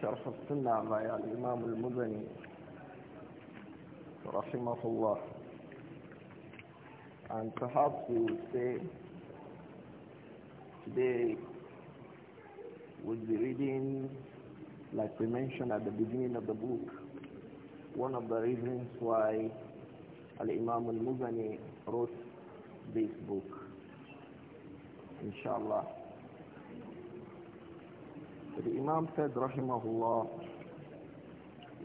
شرح السنة الإمام رحمه الله and perhaps we will say today we'll be reading like we mentioned at the beginning of the book one of the reasons why Al-Imam Al-Muzani wrote this book inshallah الإمام سيد رحمه الله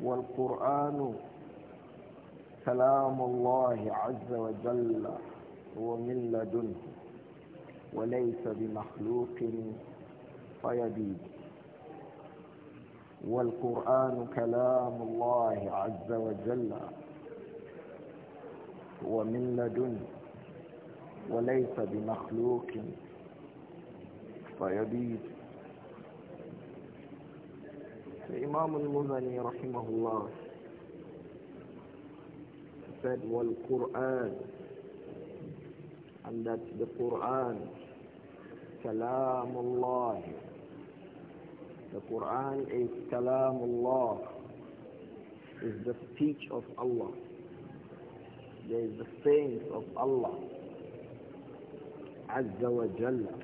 والقرآن كلام الله عز وجل هو من لدنه وليس بمخلوق فيبيد والقرآن كلام الله عز وجل هو من لدنه وليس بمخلوق فيبيد Imam al-Muzani rahimahullah said wal Quran and that the Quran kalamullah the Quran is kalamullah is the speech of Allah there is the Saints of Allah Azza wa Jalla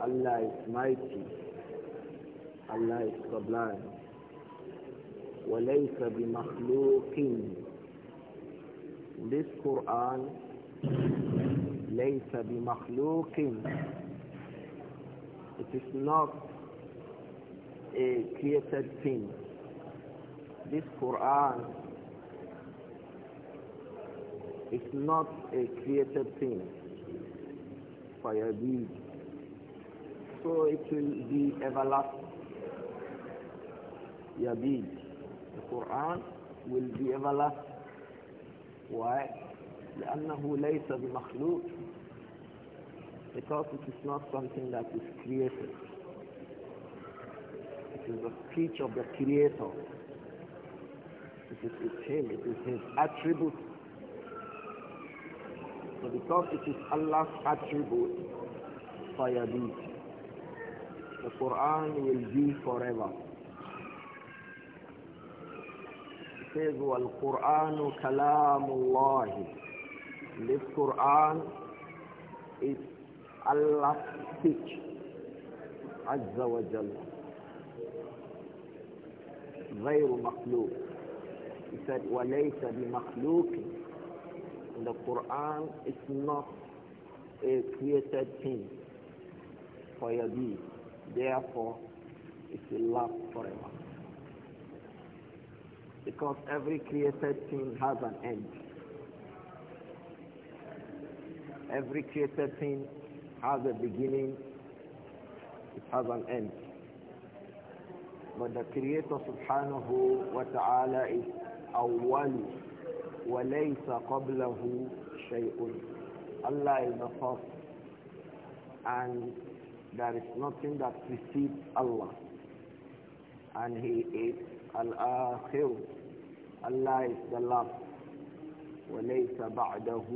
Allah is mighty Allah is sublime. وَلَيْسَ بِمَخْلُوقٍ This Quran لَيْسَ بِمَخْلُوقٍ It is not a created thing. This Quran is not a created thing. Fire deed. So it will be everlasting. Yabid. The Quran will be everlasting. Why? لأنه ليس بمخلوق because it is not something that is created. It is the speech of the Creator. It is Him, it is His attribute. So because it is Allah's attribute, Sayyadid, the Quran will be forever. says, وَالْقُرْآنُ كَلَامُ اللَّهِ This Quran is Allah's speech, عز وجل. غير مخلوق. He said, وَلَيْسَ بِمَخْلُوقٍ the Quran is not a created thing for your being Therefore, it will last forever. Because every created thing has an end. Every created thing has a beginning, it has an end. But the Creator subhanahu wa ta'ala is awwal wa laysa qablahu shay'un. Allah is the first and there is nothing that precedes Allah. And He is al-akhir. Allah is the last. وَلَيْسَ بَعْدَهُ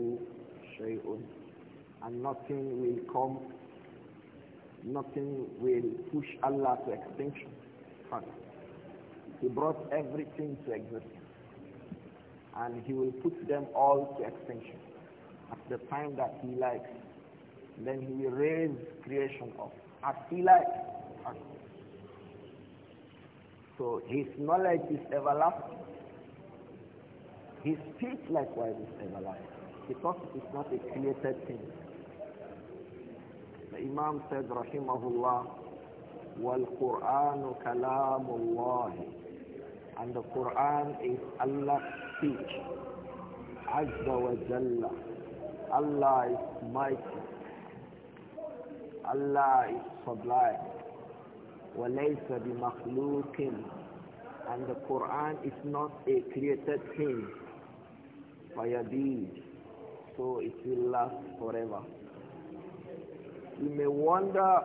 شَيْءٌ And nothing will come, nothing will push Allah to extinction. He brought everything to existence. And He will put them all to extinction at the time that He likes. Then He will raise creation up as He likes. So his knowledge is everlasting. His speech likewise is everlasting. Because it is not a created thing. The Imam said, Rahimahullah, وَالْقُرْآنُ كَلَامُ اللَّهِ And the Quran is Allah's speech. Azza wa Jalla. Allah is mighty. Allah is sublime. وَلَيْسَ بِمَخْلُوقٍ And the Quran is not a created thing. فَيَبِيدْ So it will last forever. You may wonder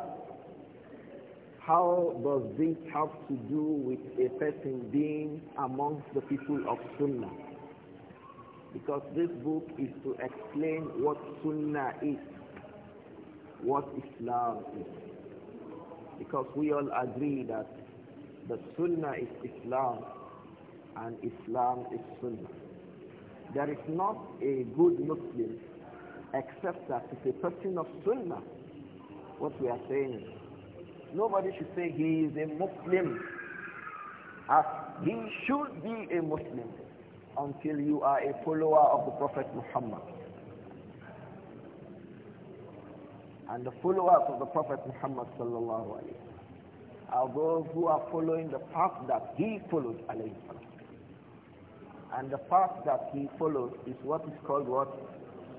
how does this have to do with a person being amongst the people of Sunnah? Because this book is to explain what Sunnah is, what Islam is. Because we all agree that the Sunnah is Islam and Islam is Sunnah. There is not a good Muslim except that it's a person of Sunnah. What we are saying. Nobody should say he is a Muslim as he should be a Muslim until you are a follower of the Prophet Muhammad and the followers of the Prophet Muhammad sallallahu alayhi are those who are following the path that he followed alayhi And the path that he followed is what is called what?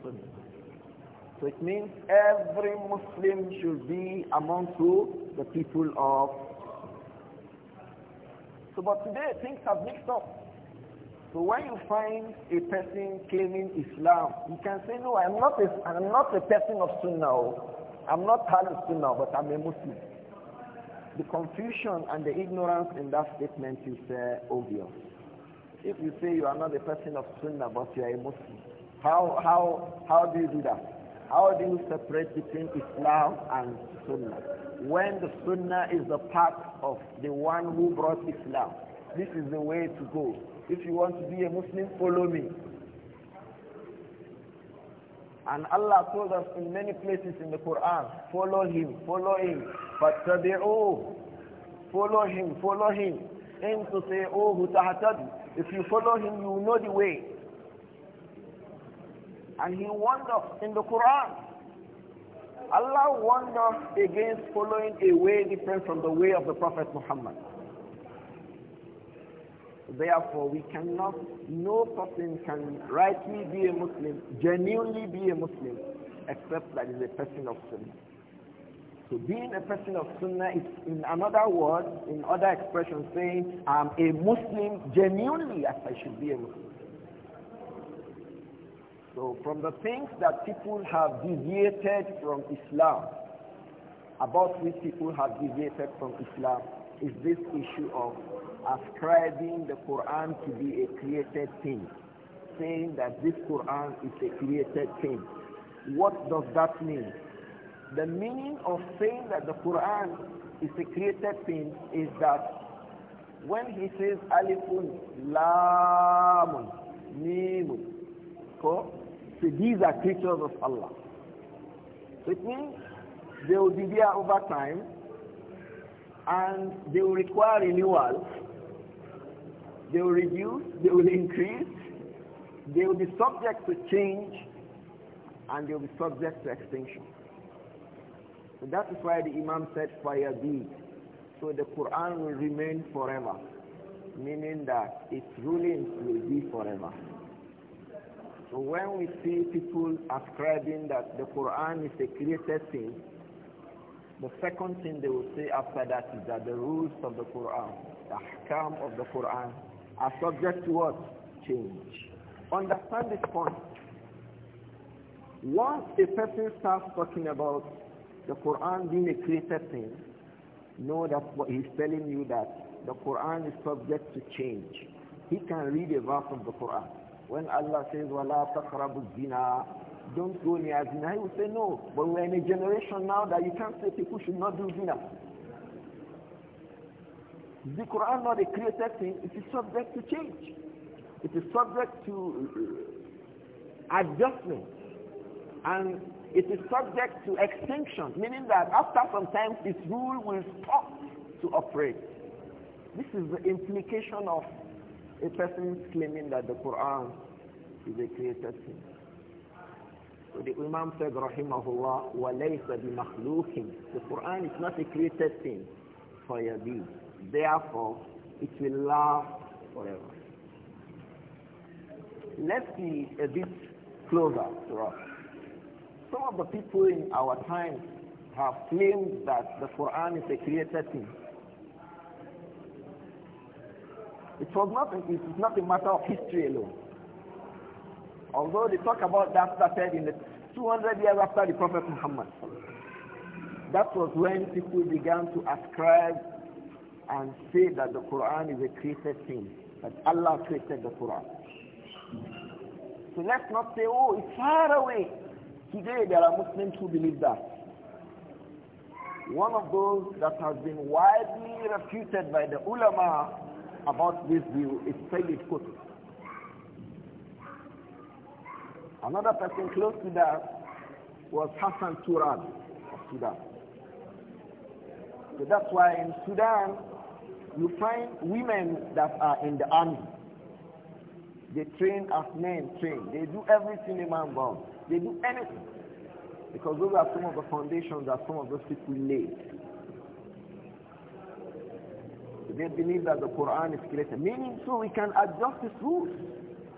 Sunnah. So it means every Muslim should be among who? The people of So but today things have mixed up. So when you find a person claiming Islam, you can say, no, I'm not a, I'm not a person of Sunnah. Oh. I'm not Ahlul but I'm a Muslim. The confusion and the ignorance in that statement is uh, obvious. If you say you are not a person of Sunnah, but you are a Muslim, how, how, how do you do that? How do you separate between Islam and Sunnah? When the Sunnah is the path of the one who brought Islam, this is the way to go. If you want to be a Muslim, follow me. And Allah told us in many places in the Quran, follow him, follow him, but fattabi'uhu, follow him, follow him. In say, oh, If you follow him, you know the way. And he warned us in the Quran. Allah warned us against following a way different from the way of the Prophet Muhammad. Therefore, we cannot, no person can rightly be a Muslim, genuinely be a Muslim, except that is a person of Sunnah. So being a person of Sunnah is, in another word, in other expression, saying, I'm a Muslim genuinely as I should be a Muslim. So from the things that people have deviated from Islam, about which people have deviated from Islam, is this issue of ascribing the Quran to be a created thing, saying that this Quran is a created thing. What does that mean? The meaning of saying that the Quran is a created thing is that when he says alifun, lamun, mimun, so these are creatures of Allah. So it means they will be there over time and they will require renewal they will reduce, they will increase, they will be subject to change, and they will be subject to extinction. So that is why the Imam said fire be. So the Quran will remain forever, meaning that its rulings will be forever. So when we see people ascribing that the Quran is a created thing, the second thing they will say after that is that the rules of the Quran, the ahkam of the Quran are subject to what? Change. Understand this point. Once a person starts talking about the Quran being a created thing, know that what he's telling you that the Quran is subject to change. He can read a verse of the Quran. When Allah says, وَلَا تَقْرَبُ zina, don't go near zina, he will say no. But we're in a generation now that you can't say people should not do zina the Quran not a created thing? It is subject to change. It is subject to uh, adjustment. And it is subject to extinction, meaning that after some time its rule will stop to operate. This is the implication of a person claiming that the Quran is a created thing. So the Imam said, Rahimahullah, وَلَيْسَ بِمَخْلُوقٍ The Quran is not a created thing for your deeds. Therefore, it will last forever. Let's be a bit closer to us. Some of the people in our time have claimed that the Quran is a created thing. It was not, it is not a matter of history alone. Although they talk about that started in the 200 years after the Prophet Muhammad. That was when people began to ascribe and say that the Quran is a created thing, that Allah created the Quran. So let's not say, oh, it's far away. Today there are Muslims who believe that. One of those that has been widely refuted by the ulama about this view is Sayyid Qutb. Another person close to that was Hassan Turan of Sudan. So that's why in Sudan, you find women that are in the army. They train as men train. They do everything a man born. They do anything. Because those are some of the foundations that some of those people laid. They believe that the Quran is created. Meaning, so we can adjust its rules.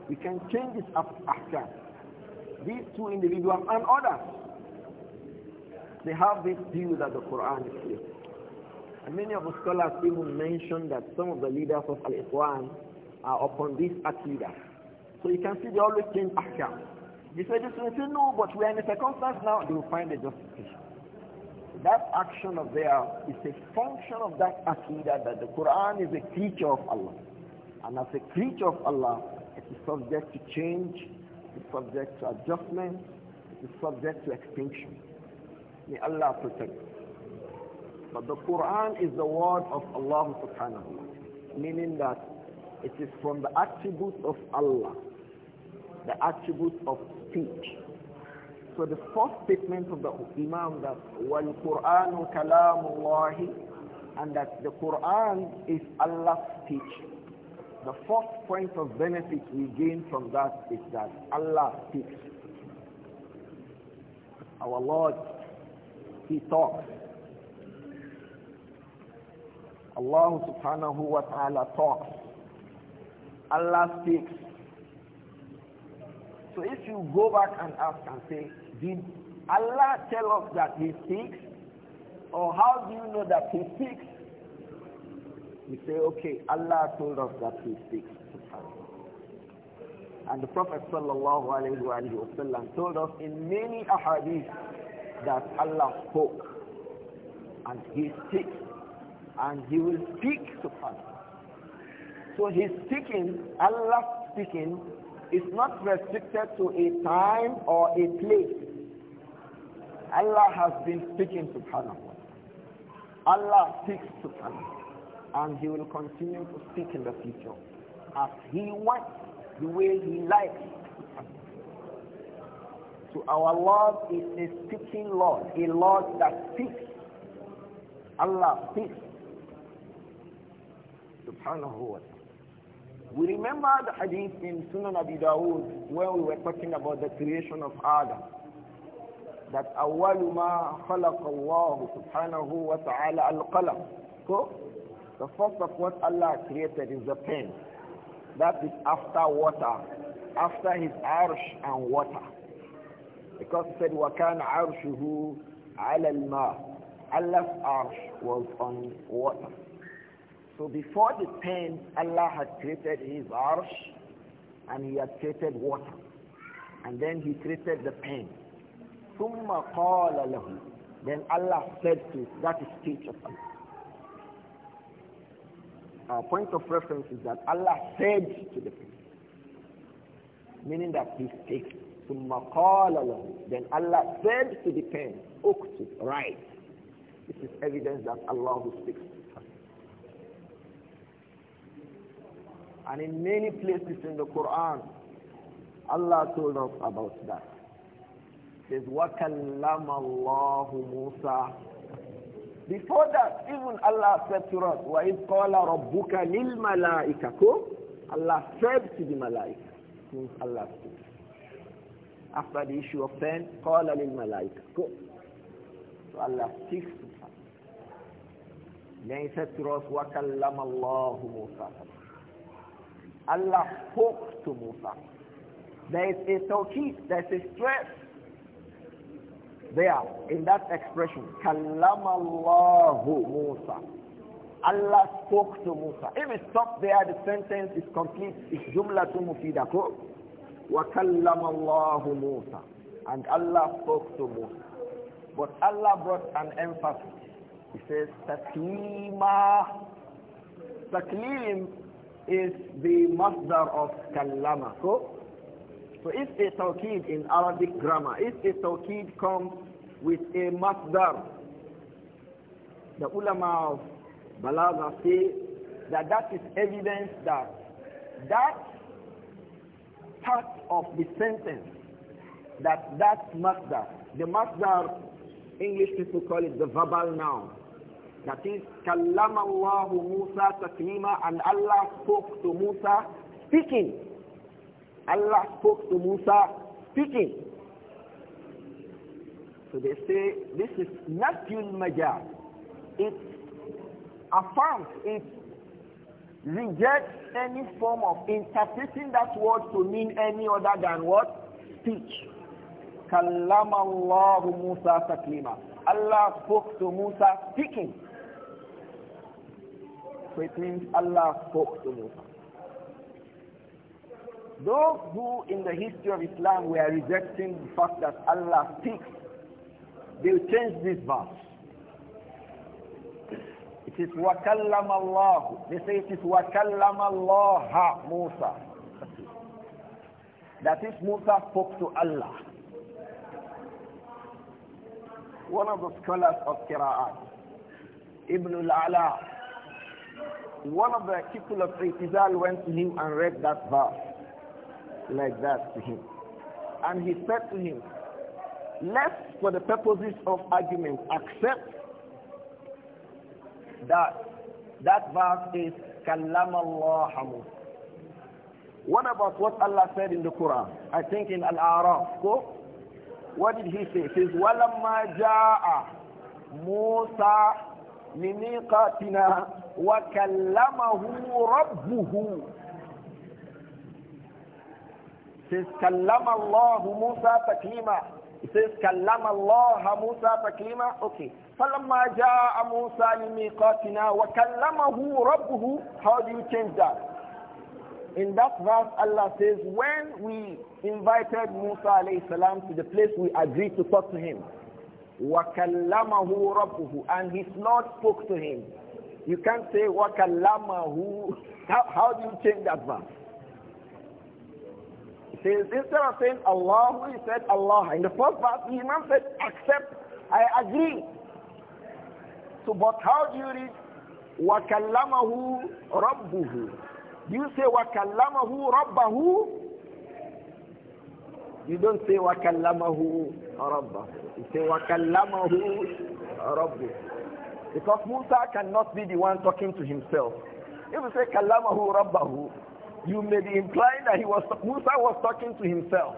We can change its after. These two individuals and others, they have this view that the Quran is created. And many of the scholars even mention that some of the leaders of Al-Ikhwan are upon this Aqidah. So you can see they always change Ahkam. They say this, they say no, but we are in a circumstance now, they will find a justification. That action of theirs is a function of that Aqidah that the Quran is a creature of Allah. And as a creature of Allah, it is subject to change, it is subject to adjustment, it is subject to extinction. May Allah protect us. But the Quran is the word of Allah subhanahu meaning that it is from the attributes of Allah, the attributes of speech. So the first statement of the Imam that wal Quranu kalamullahi and that the Quran is Allah's speech. The first point of benefit we gain from that is that Allah speaks. Our Lord, He talks. Allah subhanahu wa ta'ala talks. Allah speaks. So if you go back and ask and say, did Allah tell us that he speaks? Or how do you know that he speaks? We say, okay, Allah told us that he speaks. And the Prophet sallallahu alayhi wa sallam, told us in many ahadith that Allah spoke and he speaks and he will speak to subhanallah. So his speaking, Allah speaking, is not restricted to a time or a place. Allah has been speaking to subhanahu. Allah speaks to subhanahu. And he will continue to speak in the future as he wants, the way he likes. So our Lord is a speaking Lord, a Lord that speaks. Allah speaks subhanahu wa ta'ala. We remember the hadith in Sunan Abi Dawood when we were talking about the creation of Adam. That أول ما خلق wa سبحانه وتعالى القلم. So, the first of what Allah created is the pen. That is after water, after his arsh and water. Because he said, وَكَانَ عَرْشُهُ عَلَى الْمَاءِ Allah's arsh was on water. So before the pen, Allah had created his arsh and he had created water. And then he created the pen. ثُمَّ Then Allah said to that is speech of Allah. Our point of reference is that Allah said to the pen. Meaning that he speaks. ثُمَّ قَالَ لَهُ Then Allah said to the pen, اُكْتُب, write. This is evidence that Allah speaks. And in many places in the Quran, Allah told us about that. He says, وَكَلَّمَ اللَّهُ مُوسَى Before that, even Allah said to us, وَإِذْ قَالَ رَبُّكَ لِلْمَلَائِكَةِ Allah said to the malaika. Means Allah said. After the issue of pen, قَالَ لِلْمَلَائِكَةِ Go. So Allah speaks to us. Then he said to us, وَكَلَّمَ اللَّهُ مُوسَى Allah spoke to Musa. There is a tawqif, there is a stress there in that expression. Allahu Musa. Allah spoke to Musa. If it stops there, the sentence is complete. It's jumla to mufidako. Wakallamallahu Musa. And Allah spoke to Musa. But Allah brought an emphasis. He says, Taklima. Taklim is the masdar of kalama. So, so if a taqid in Arabic grammar, if a taqid comes with a masdar, the ulama of Balagha say that that is evidence that that part of the sentence, that that masdar, the masdar, English people call it the verbal noun, that is, كَلَّمَ Musa taklima, And Allah spoke to Musa speaking. Allah spoke to Musa speaking. So they say this is Nafyul Majaz. It affirms, it rejects any form of interpreting that word to mean any other than what? Speech. Kallama Allah Musa Taklima. Allah spoke to Musa speaking. So it means Allah spoke to Musa. Those who in the history of Islam were rejecting the fact that Allah speaks, they changed this verse. It is وَكَلَّمَ اللَّهُ They say it is وَكَلَّمَ اللَّهَ Musa. That is Musa spoke to Allah. One of the scholars of Qira'at, Ibn al-Ala, one of the people of Israel went to him and read that verse like that to him. And he said to him, let's, for the purposes of argument, accept that that verse is kalama اللَّهَ What about what Allah said in the Quran? I think in Al-A'raf. What did he say? He says, وَلَمَّا جَاءَ مُوسَى لِمِيقَاتِنَا وَكَلَّمَهُ رَبُّهُ says كَلَّمَ اللَّهُ مُوسَى تَكْلِيمًا It says كَلَّمَ اللَّهَ مُوسَى تَكْلِيمًا Okay. فَلَمَّا جَاءَ مُوسَى لِمِيقَاتِنَا وَكَلَّمَهُ رَبُّهُ How do you change that? In that verse, Allah says, when we invited Musa alayhi salam to the place we agreed to talk to him, وَكَلَّمَهُ رَبُّهُ And his Lord spoke to him. You can't say وَكَلَّمَهُ how, how do you change that verse? He says, instead of saying Allah, he said Allah. In the first verse, the Imam said, accept, I agree. So, but how do you read وَكَلَّمَهُ Rabbuhu? Do you say وَكَلَّمَهُ Rabbahu? You don't say وَكَلَّمَهُ رَبَّهُ. You say وَكَلَّمَهُ رَبُّهُ. Because Musa cannot be the one talking to himself. If you say kalamahu rabbahu, you may be implying that he was Musa was talking to himself.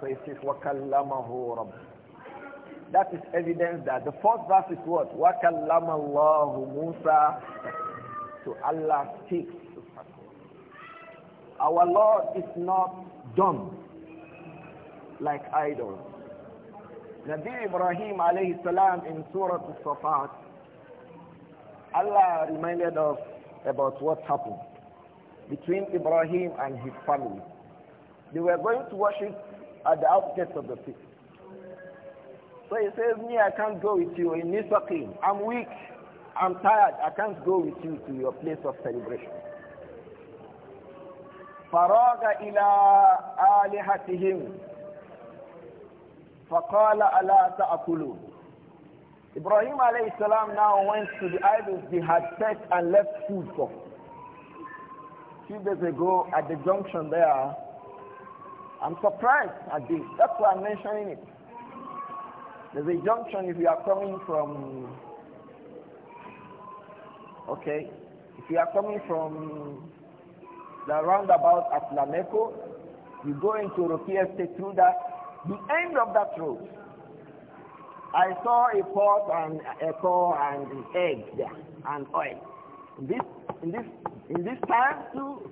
So it says wakallamahu rabb. That is evidence that the first verse is what? Wakallamallahu Musa. So Allah speaks. Our Lord is not dumb like idols. Nabi Ibrahim alayhi salam in Surah Al-Safat, Allah reminded us about what happened between Ibrahim and his family. They were going to worship at the outskirts of the city. So he says, me, I can't go with you in Nisaqim. I'm weak. I'm tired. I can't go with you to your place of celebration. فَرَاغَ إِلَىٰ آلِهَتِهِمْ فَقَالَ أَلَا تَأْكُلُونَ Ibrahim alayhi salam now went to the idols they had set and left food for. A few days ago at the junction there, I'm surprised at this. That's why I'm mentioning it. There's a junction if you are coming from, okay, if you are coming from the roundabout at Lameco, you go into Rokia State through that, the end of that road, I saw a pot and a cow and egg there and oil. In this, in this, in this time too.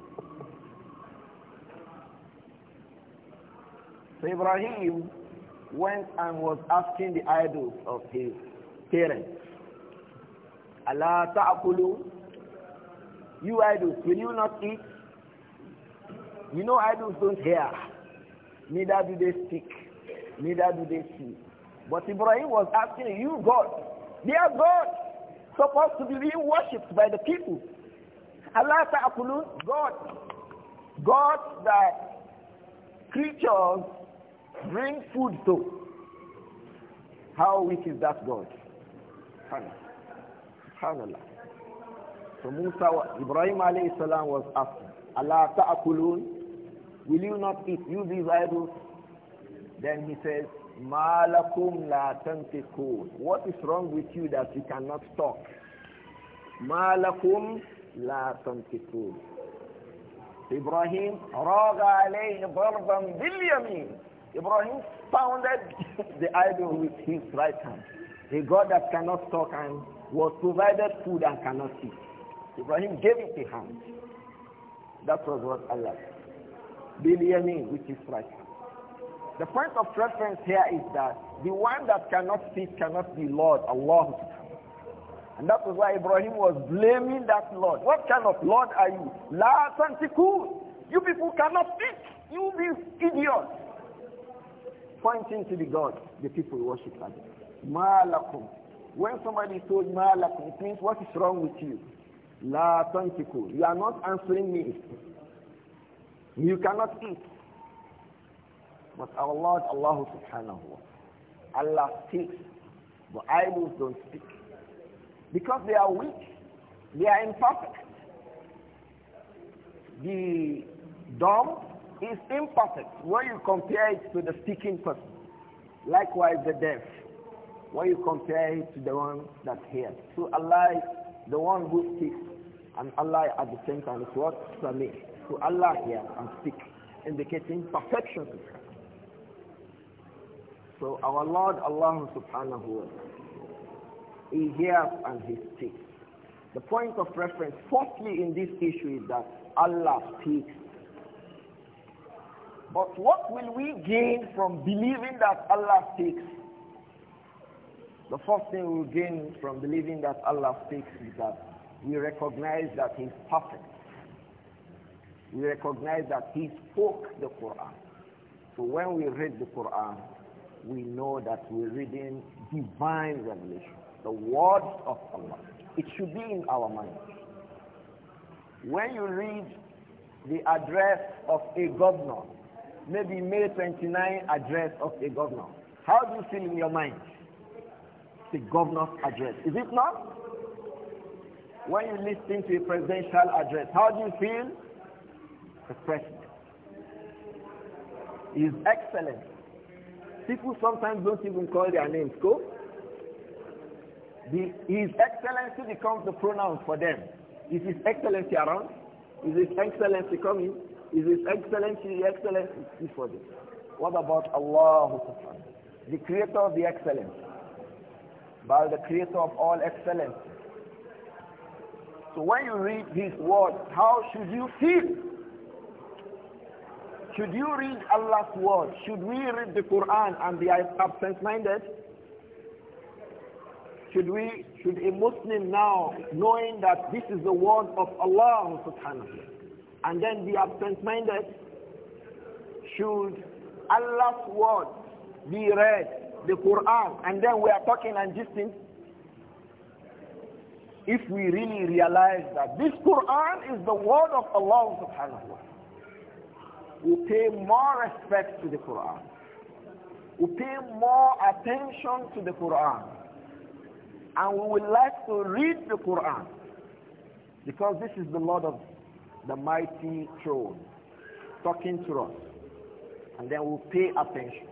So Ibrahim went and was asking the idols of his parents, Allah ta'akulu, you idols, will you not eat? You know idols don't hear, neither do they speak. Neither do they see. But Ibrahim was asking, you God, they are God, supposed to be being worshipped by the people. Allah Ta'ala, God, God that creatures bring food to. How weak is that God? Subhanallah. So Musa, Ibrahim alayhi salam was asking Allah Ta'ala, will you not eat, you these idols? Then he says, Malakum la tantikun. What is wrong with you that you cannot talk? Malakum la tantikun. Ibrahim raga alayhi darban bil yamin. Ibrahim pounded the idol with his right hand. A God that cannot talk and was provided food and cannot eat. Ibrahim gave it a hand. That was what Allah did. Bil yamin, which is right hand. The point of reference here is that the one that cannot speak cannot be Lord, Allah. And that was why Ibrahim was blaming that Lord. What kind of Lord are you? La tantiku. You people cannot speak. You be idiots. Pointing to the God the people worship at. Malakum. When somebody is told malakum, it means what is wrong with you? La tantiku. You are not answering me. You cannot speak. But our Lord, Allah subhanahu wa Allah speaks, but idols don't speak. Because they are weak, they are imperfect. The dumb is imperfect when you compare it to the speaking person. Likewise, the deaf, when you compare it to the one that hears. So Allah is the one who speaks, and Allah at the same time is what? me So Allah hears and speaks, indicating perfection to so our Lord Allah subhanahu wa ta'ala, He hears and He speaks. The point of reference, firstly in this issue is that Allah speaks. But what will we gain from believing that Allah speaks? The first thing we will gain from believing that Allah speaks is that we recognize that He is perfect. We recognize that He spoke the Quran. So when we read the Quran, we know that we're reading divine revelation, the words of Allah. It should be in our mind. When you read the address of a governor, maybe May 29 address of a governor, how do you feel in your mind? The governor's address, is it not? When you listen to a presidential address, how do you feel? The president. His Excellency people sometimes don't even call their names. Go. The, His Excellency becomes the pronoun for them. Is His Excellency around? Is His Excellency coming? Is His Excellency the Excellency? for this. What about Allah, the Creator of the Excellence? By the Creator of all excellence. So when you read these words, how should you feel? Should you read Allah's word? Should we read the Quran and be absent-minded? Should we, should a Muslim now, knowing that this is the word of Allah subhanahu and then be absent-minded? Should Allah's word be read, the Quran, and then we are talking and distant? If we really realize that this Quran is the word of Allah subhanahu we pay more respect to the Quran. We pay more attention to the Quran. And we will like to read the Quran. Because this is the Lord of the mighty throne talking to us. And then we pay attention.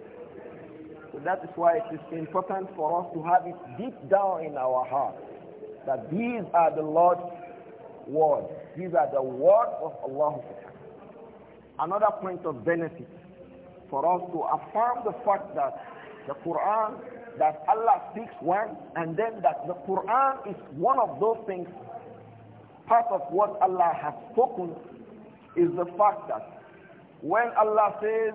So that is why it is important for us to have it deep down in our heart that these are the Lord's words. These are the words of Allah another point of benefit for us to affirm the fact that the Quran, that Allah speaks one, and then that the Quran is one of those things. Part of what Allah has spoken is the fact that when Allah says,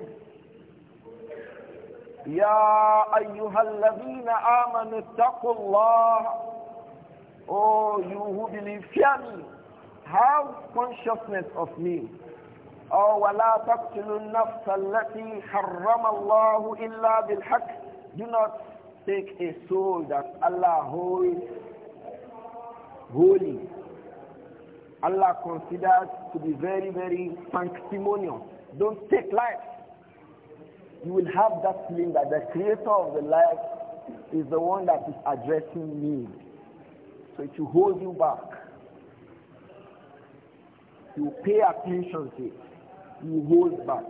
"Ya أيها الذين آمنوا Oh, you who believe, fear me. Have consciousness of me or وَلَا تَقْتُلُوا النَّفْسَ الَّتِي حَرَّمَ اللَّهُ إِلَّا بِالْحَقِّ Do not take a soul that Allah holds holy. Allah considers to be very, very sanctimonious. Don't take life. You will have that feeling that the creator of the life is the one that is addressing me. So it will hold you back. You pay attention to it you hold back.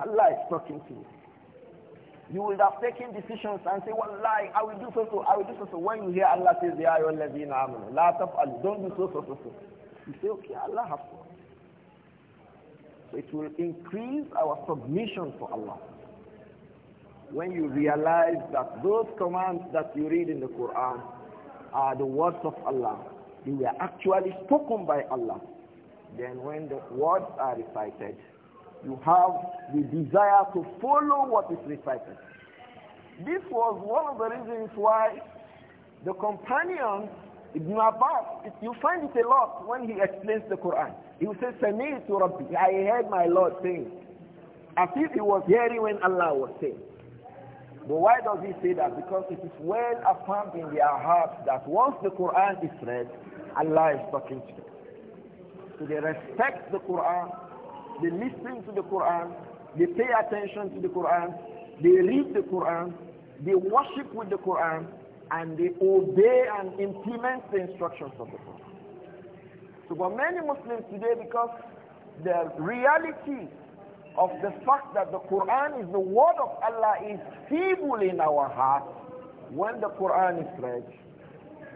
Allah is talking to you. You would have taken decisions and say, well, lie, I will do so, so, I will do so, so. When you hear Allah says, Ya ayyuhal ladhina amanu, la don't do so, so, so, so. You say, okay, Allah has so. So it will increase our submission to Allah. When you realize that those commands that you read in the Quran are the words of Allah, they were actually spoken by Allah. Then when the words are recited, you have the desire to follow what is recited. This was one of the reasons why the companion Ibn Abbas, you find it a lot when he explains the Quran. He will say, to Rabbi, I heard my Lord saying, as if he was hearing when Allah was saying. But why does he say that? Because it is well affirmed in their hearts that once the Quran is read, Allah is talking to them. So they respect the Quran, they listen to the Quran, they pay attention to the Quran, they read the Quran, they worship with the Quran, and they obey and implement the instructions of the Quran. So for many Muslims today, because the reality of the fact that the Quran is the word of Allah is feeble in our hearts, when the Quran is read,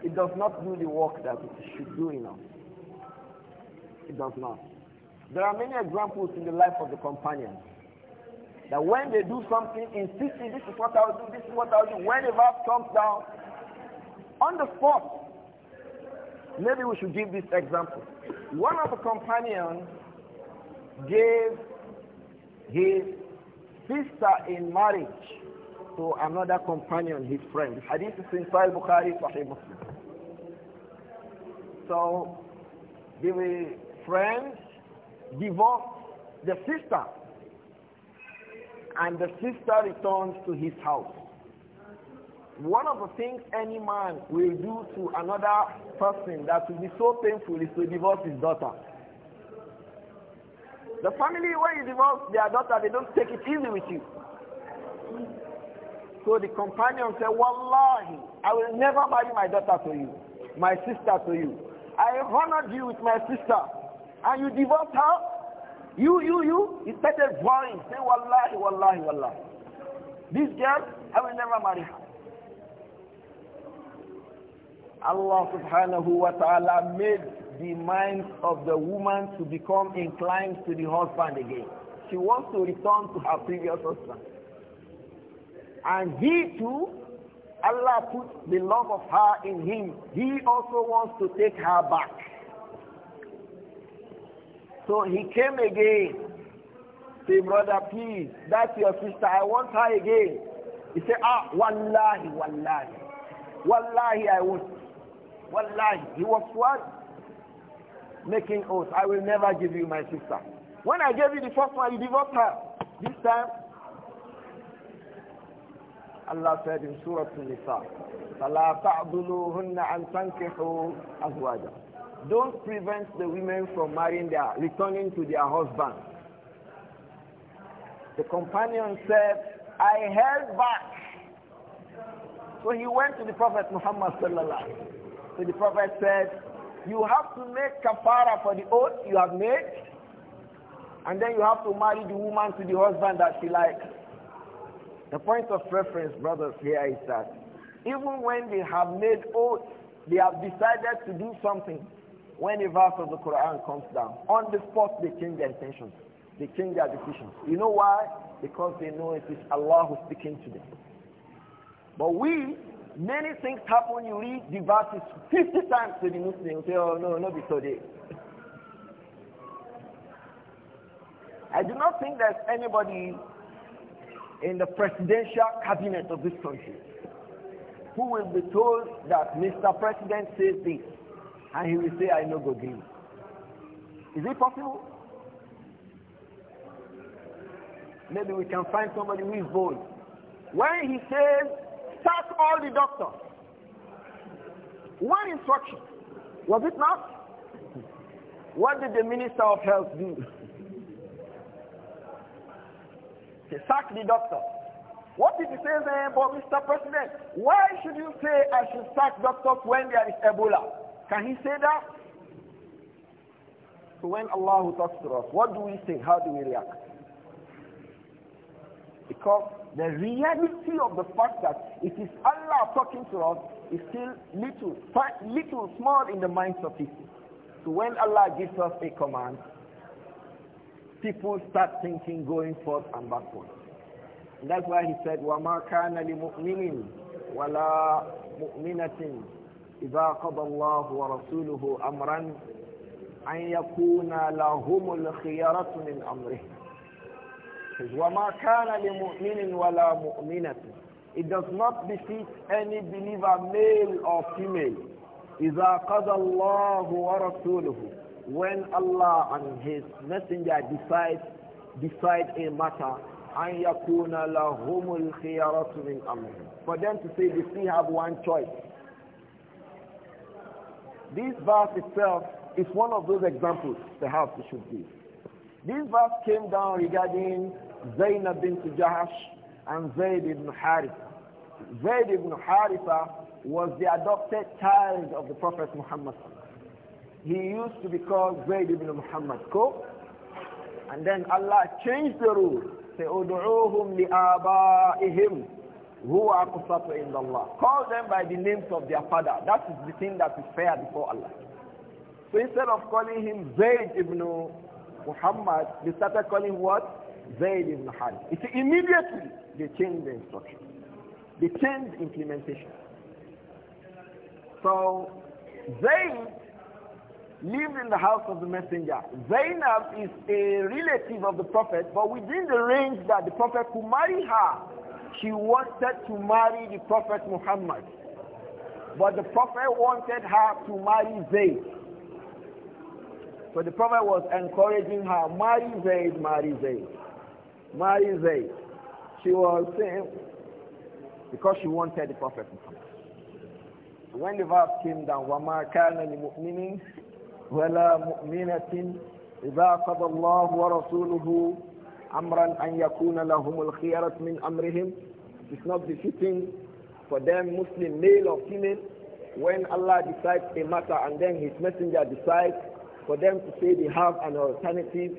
it does not do the work that it should do in us it does not. There are many examples in the life of the companions. That when they do something, insisting, this is what I'll do, this is what I'll do, when the verse comes down, on the spot, maybe we should give this example. One of the companions gave his sister in marriage to another companion, his friend. hadith is in Sahih Bukhari, Sahih Muslim. So, the friends divorced the sister and the sister returns to his house. One of the things any man will do to another person that will be so painful is to divorce his daughter. The family, when you divorce their daughter, they don't take it easy with you. So the companion said, Wallahi, I will never marry my daughter to you, my sister to you. I honored you with my sister and you divorce her, you, you, you, you started vowing, say, wallahi, wallahi, wallahi. This girl, I will never marry her. Allah subhanahu wa ta'ala made the mind of the woman to become inclined to the husband again. She wants to return to her previous husband. And he too, Allah put the love of her in him. He also wants to take her back. So he came again. Say, brother, please, that's your sister. I want her again. He said, ah, wallahi, wallahi. Wallahi, I won't. Wallahi. He was what? Making oath. I will never give you my sister. When I gave you the first one, you divorced her. This time, Allah said in Surah Nisa, فَلَا تَعْضُلُوهُنَّ أَن تَنْكِحُوا أَزْوَاجَهُ don't prevent the women from marrying their, returning to their husband. The companion said, I held back. So he went to the Prophet Muhammad sallallahu So the Prophet said, you have to make kafara for the oath you have made, and then you have to marry the woman to the husband that she likes. The point of reference, brothers, here is that even when they have made oath, they have decided to do something. When a verse of the Quran comes down, on the spot they change their intentions. They change their decisions. You know why? Because they know it is Allah who's speaking to them. But we, many things happen. You read the verses 50 times to the Muslim. You say, oh, no, not today. I do not think there's anybody in the presidential cabinet of this country who will be told that Mr. President says this and he will say, I no go Is it possible? Maybe we can find somebody who is bold. When he says, start all the doctors, one instruction. Was it not? What did the Minister of Health do? he sacked the doctor. What did he say then? Eh, but Mr. President, why should you say I should sack doctors when there is Ebola? Can he say that? So when Allah talks to us, what do we say? How do we react? Because the reality of the fact that it is Allah talking to us is still little, little small in the minds of people. So when Allah gives us a command, people start thinking going forth and backward. And that's why he said, وَمَا كَانَ لِمُؤْمِنٍ وَلَا مُؤْمِنَةٍ إذا قضى الله ورسوله أمرا أن يكون لهم الخيارة من أمرهم وما كان لمؤمن ولا مؤمنة It does not defeat any believer male or female إذا قضى الله ورسوله When Allah and His Messenger decide, decide a matter أن يكون لهم الخيارة من أمره For them to say they still have one choice This verse itself is one of those examples, perhaps it should be. This verse came down regarding Zainab bin Jahash and Zayd ibn Haritha. Zayd ibn Haritha was the adopted child of the Prophet Muhammad. He used to be called Zayd ibn Muhammad. Co, And then Allah changed the rule. Say, who are qusatu in Allah. Call them by the names of their father. That is the thing that is fair before Allah. So instead of calling him Zayd ibn Muhammad, they started calling what? Zayd ibn Harith. It's immediately they changed the instruction. They changed the implementation. So Zayd lived in the house of the messenger. Zainab is a relative of the prophet, but within the range that the prophet could marry her she wanted to marry the Prophet Muhammad. But the Prophet wanted her to marry Zayd. So the Prophet was encouraging her, marry Zayd, marry Zayd, marry Zayd. She was saying, because she wanted the Prophet Muhammad. When the verse came down, وَمَا كَانَ لِمُؤْمِنٍ وَلَا مُؤْمِنَةٍ إِذَا قَضَى اللَّهُ وَرَسُولُهُ amran an yakuna lahumul khiyarat min amrihim. It's not befitting for them, Muslim, male or female, when Allah decides a matter and then His Messenger decides for them to say they have an alternative.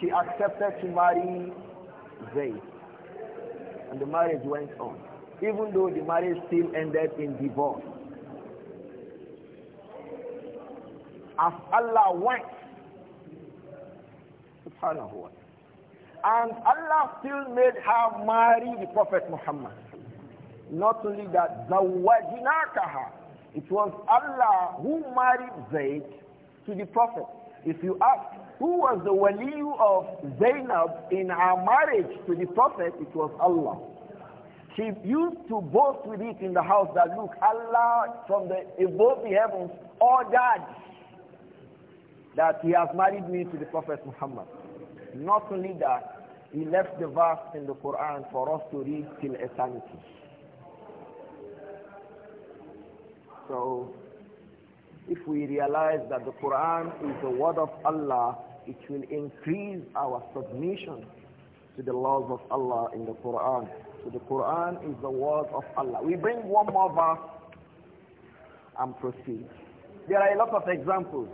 She accepted to marry Zayd. And the marriage went on. Even though the marriage still ended in divorce. As Allah wants Subhanahu wa And Allah still made her marry the Prophet Muhammad. Not only that, zawajinakaha. It was Allah who married Zayd to the Prophet. If you ask, who was the wali of Zainab in her marriage to the Prophet? It was Allah. She used to boast with it in the house that, look, Allah from the above the heavens ordered that he has married me to the Prophet Muhammad. Not only that, he left the verse in the Quran for us to read till eternity. So, if we realize that the Quran is the word of Allah, it will increase our submission to the laws of Allah in the Quran. So the Quran is the word of Allah. We bring one more verse and proceed. There are a lot of examples.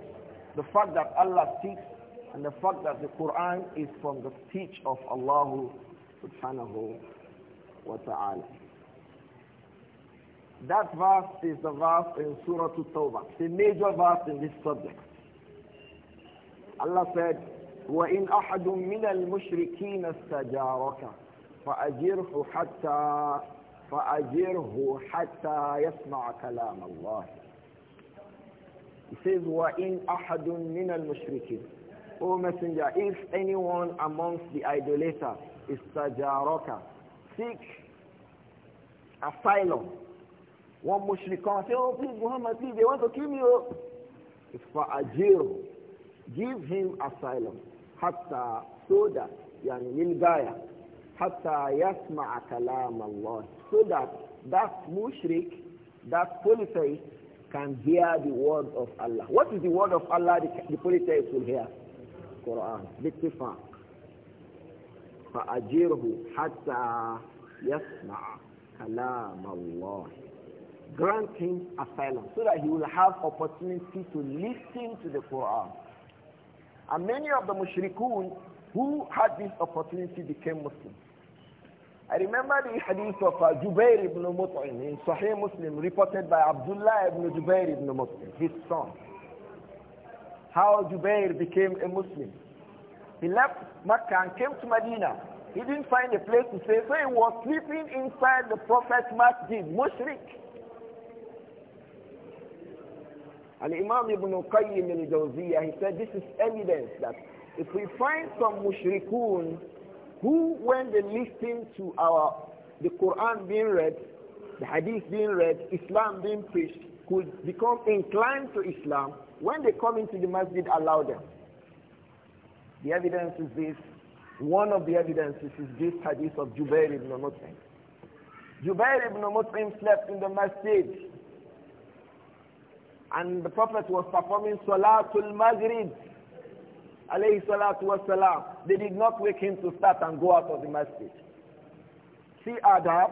The fact that Allah speaks and the fact that the Quran is from the speech of Allah subhanahu wa ta'ala. That verse is the verse in Surah At-Tawbah. It's major verse in this subject. Allah said, وَإِنْ أَحَدٌ مِّنَ الْمُشْرِكِينَ اسْتَجَارَكَ فَأَجِرْهُ حَتَّى فَأَجِرْهُ حَتَّى يَسْمَعَ كَلَامَ اللَّهِ He says, وَإِنْ أَحَدٌ مِّنَ الْمُشْرِكِينَ O Messenger, if anyone amongst the idolaters is Tajaroka, seek asylum. One mushrikah say, oh please Muhammad, please, they want to kill me. Oh. It's for a jail. Give him asylum. Hatta so that, yani lilgaya. Hatta yasma'a kalam Allah. So that that mushrik, that polytheist, can hear the word of Allah. What is the word of Allah the, the polytheist will hear? القرآن باتفاق فأجره حتى يسمع كلام الله grant him asylum so that he will have opportunity to listen to the Quran and many of the mushrikun who had this opportunity became Muslim. I remember the hadith of uh, Jubair ibn Mut'im in Sahih Muslim reported by Abdullah ibn Jubair ibn Mut'im his son how Jubair became a Muslim. He left Mecca and came to Medina. He didn't find a place to stay, so he was sleeping inside the Prophet's masjid, Mushrik. And imam Ibn Qayyim al-Jawziyah, he said this is evidence that if we find some mushrikun who, when they listen to our the Quran being read, the Hadith being read, Islam being preached, could become inclined to Islam, when they come into the masjid, allow them. The evidence is this. One of the evidences is this hadith of Jubair ibn Mut'im. Jubair ibn Mut'im slept in the masjid. And the Prophet was performing Salatul Maghrib. Alayhi salatu wasalam. They did not wake him to start and go out of the masjid. See adab.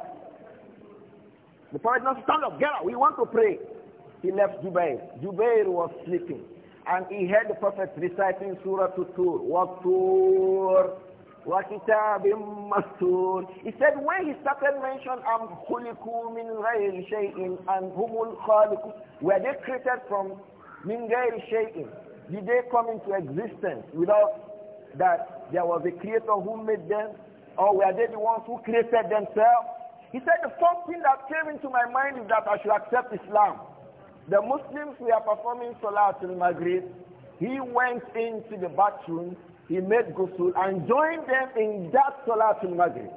The Prophet not stand up, get up, we want to pray he left Jubair. Jubair was sleeping. And he heard the Prophet reciting Surah Tur, Waqtur, Wakitabim Mastur. He said when he started mentioning Am khuliku min ghayri shay'in and humul khaliku, were they created from min ghayri shay'in? Did they come into existence without that there was a creator who made them? Or were they the ones who created themselves? He said the first thing that came into my mind is that I should accept Islam. The Muslims were performing salat in Maghrib. He went into the bathroom, he made ghusl and joined them in that salat in Maghrib.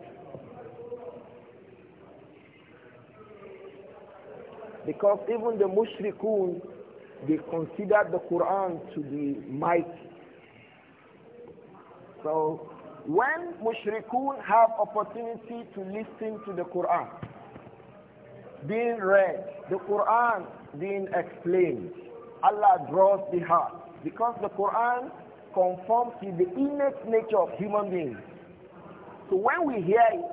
Because even the mushrikun, they considered the Quran to be mighty. So when mushrikun have opportunity to listen to the Quran, being read, the Quran being explained. Allah draws the heart because the Quran conforms to the innate nature of human beings. So when we hear it,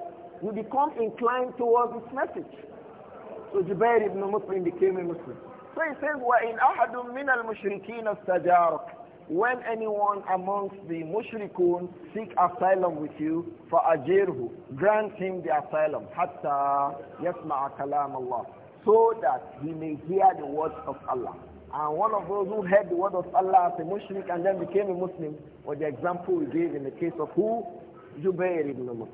we become inclined towards its message. So Jubair ibn Muslim became a Muslim. So he says, وَإِنْ أَحَدٌ مِّنَ الْمُشْرِكِينَ اسْتَجَارَكَ when anyone amongst the mushrikun seek asylum with you, for فَأَجِرْهُ Grant him the asylum, حَتَّى يَسْمَعَ كَلَامَ Allah So that he may hear the words of Allah. And one of those who heard the word of Allah as a mushrik and then became a Muslim was the example we gave in the case of who? Jubair ibn Muslim.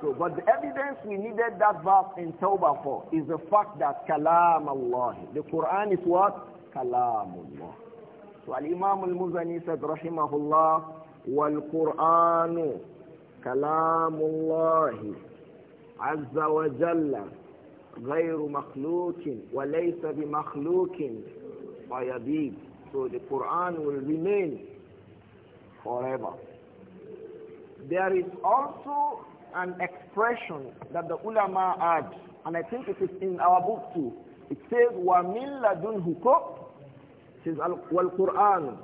So, but the evidence we needed that verse in Tawbah for is the fact that Kalam Allah. The Quran is what? Kalam Allah. والإمام المزني said رحمه الله والقرآن كلام الله عز وجل غير مخلوق وليس بمخلوق فيبيد So the Quran will remain forever. There is also an expression that the ulama adds, and I think it is in our book too. It says, وَمِن لَدُنْهُ says, Wal-Qur'an,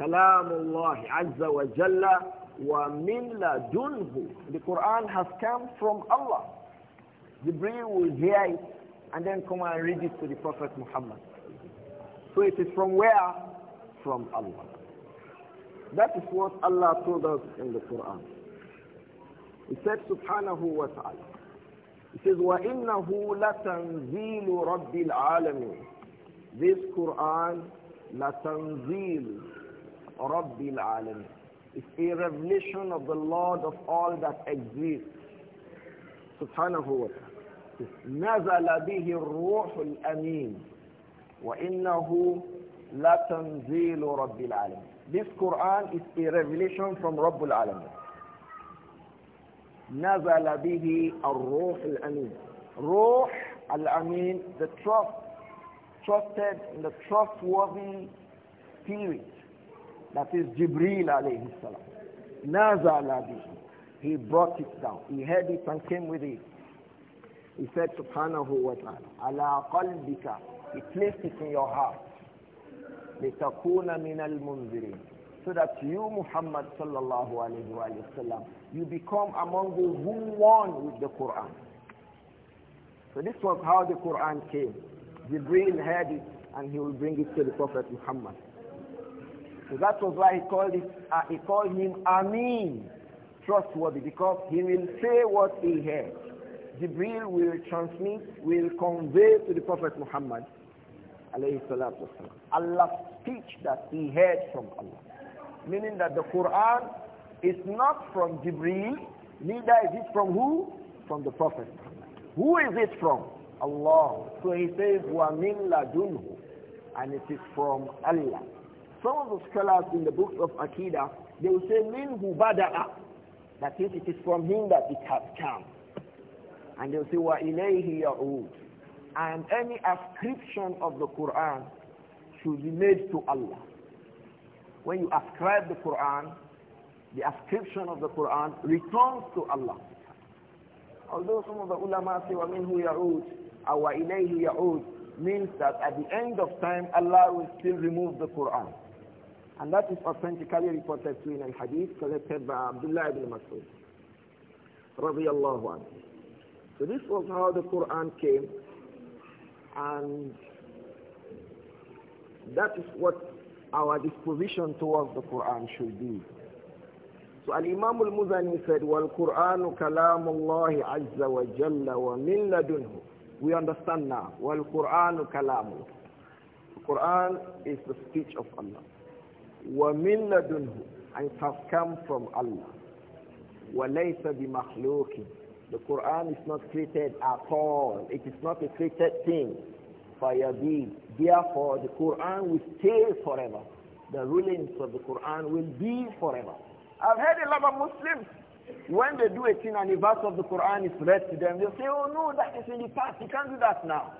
Kalamullahi Azza wa Jalla wa min ladunhu. The Qur'an has come from Allah. Jibreel will hear it and then come and read it to the Prophet Muhammad. So it is from where? From Allah. That is what Allah told us in the Quran. He said, Subhanahu wa ta'ala. He says, وَإِنَّهُ لَتَنْزِيلُ رَبِّ الْعَالَمِينَ This Quran لَتَنْزِيلُ رَبِّ الْعَالَمِينَ It's a revelation of the Lord of all that exists. Subhanahu wa ta'ala. نَزَلَ بِهِ الرُّوحُ الْأَمِينُ وَإِنَّهُ لَتَنْزِيلُ رَبِّ الْعَالَمِينَ This Quran is a revelation from Rabbul Alamin. نزل به الروح الأمين روح الأمين the trust trusted in the trustworthy spirit that is Jibril alayhi salam. Nazala bihi. He brought it down. He heard it and came with it. He said, Subhanahu wa ta'ala, ala qalbika. He placed it in your heart. لِتَكُونَ مِنَ الْمُنْذِرِينَ So that you, Muhammad sallallahu alayhi wa sallam, you become among those who won with the Quran. So this was how the Quran came. Jibril heard it and he will bring it to the Prophet Muhammad. So that was why he called it, uh, he called him Amin, trustworthy, because he will say what he heard. Jibril will transmit, will convey to the Prophet Muhammad, Allah's speech that he heard from Allah. Meaning that the Quran is not from Jibril, neither is it from who? From the Prophet Muhammad. Who is it from? Allah. So he says, wa la لَدُنْهُ And it is from Allah. Some of the scholars in the book of Akida, they will say, min مِنْهُ بَدَأَ That is, it is from him that it has come. And they will say, wa ilayhi يَعُودُ And any ascription of the Quran should be made to Allah. When you ascribe the Quran, the ascription of the Quran returns to Allah. Although some of the ulama say, وَمِنْهُ يَعُودُ our ilayhi ya'ud means that at the end of time, Allah will still remove the Quran. And that is authentically reported to in a hadith collected by Abdullah ibn Mas'ud. Radiallahu anhu. So this was how the Quran came and that is what our disposition towards the Quran should be. So Al-Imam Al-Muzani said, وَالْقُرْآنُ كَلَامُ اللَّهِ عَزَّ وَجَلَّ وَمِنْ لَدُنْهُ we understand now. Well, Quran kalamu. Quran is the speech of Allah. Wa لَدُنْهُ And it has come from Allah. وَلَيْسَ بِمَخْلُوقٍ The Quran is not created at all. It is not a created thing. فَيَبِيدٍ Therefore, the Quran will stay forever. The rulings of the Quran will be forever. I've heard a lot of Muslims when they do a thing and a verse of the Quran is read to them, they say, oh no, that is in the past. You can't do that now.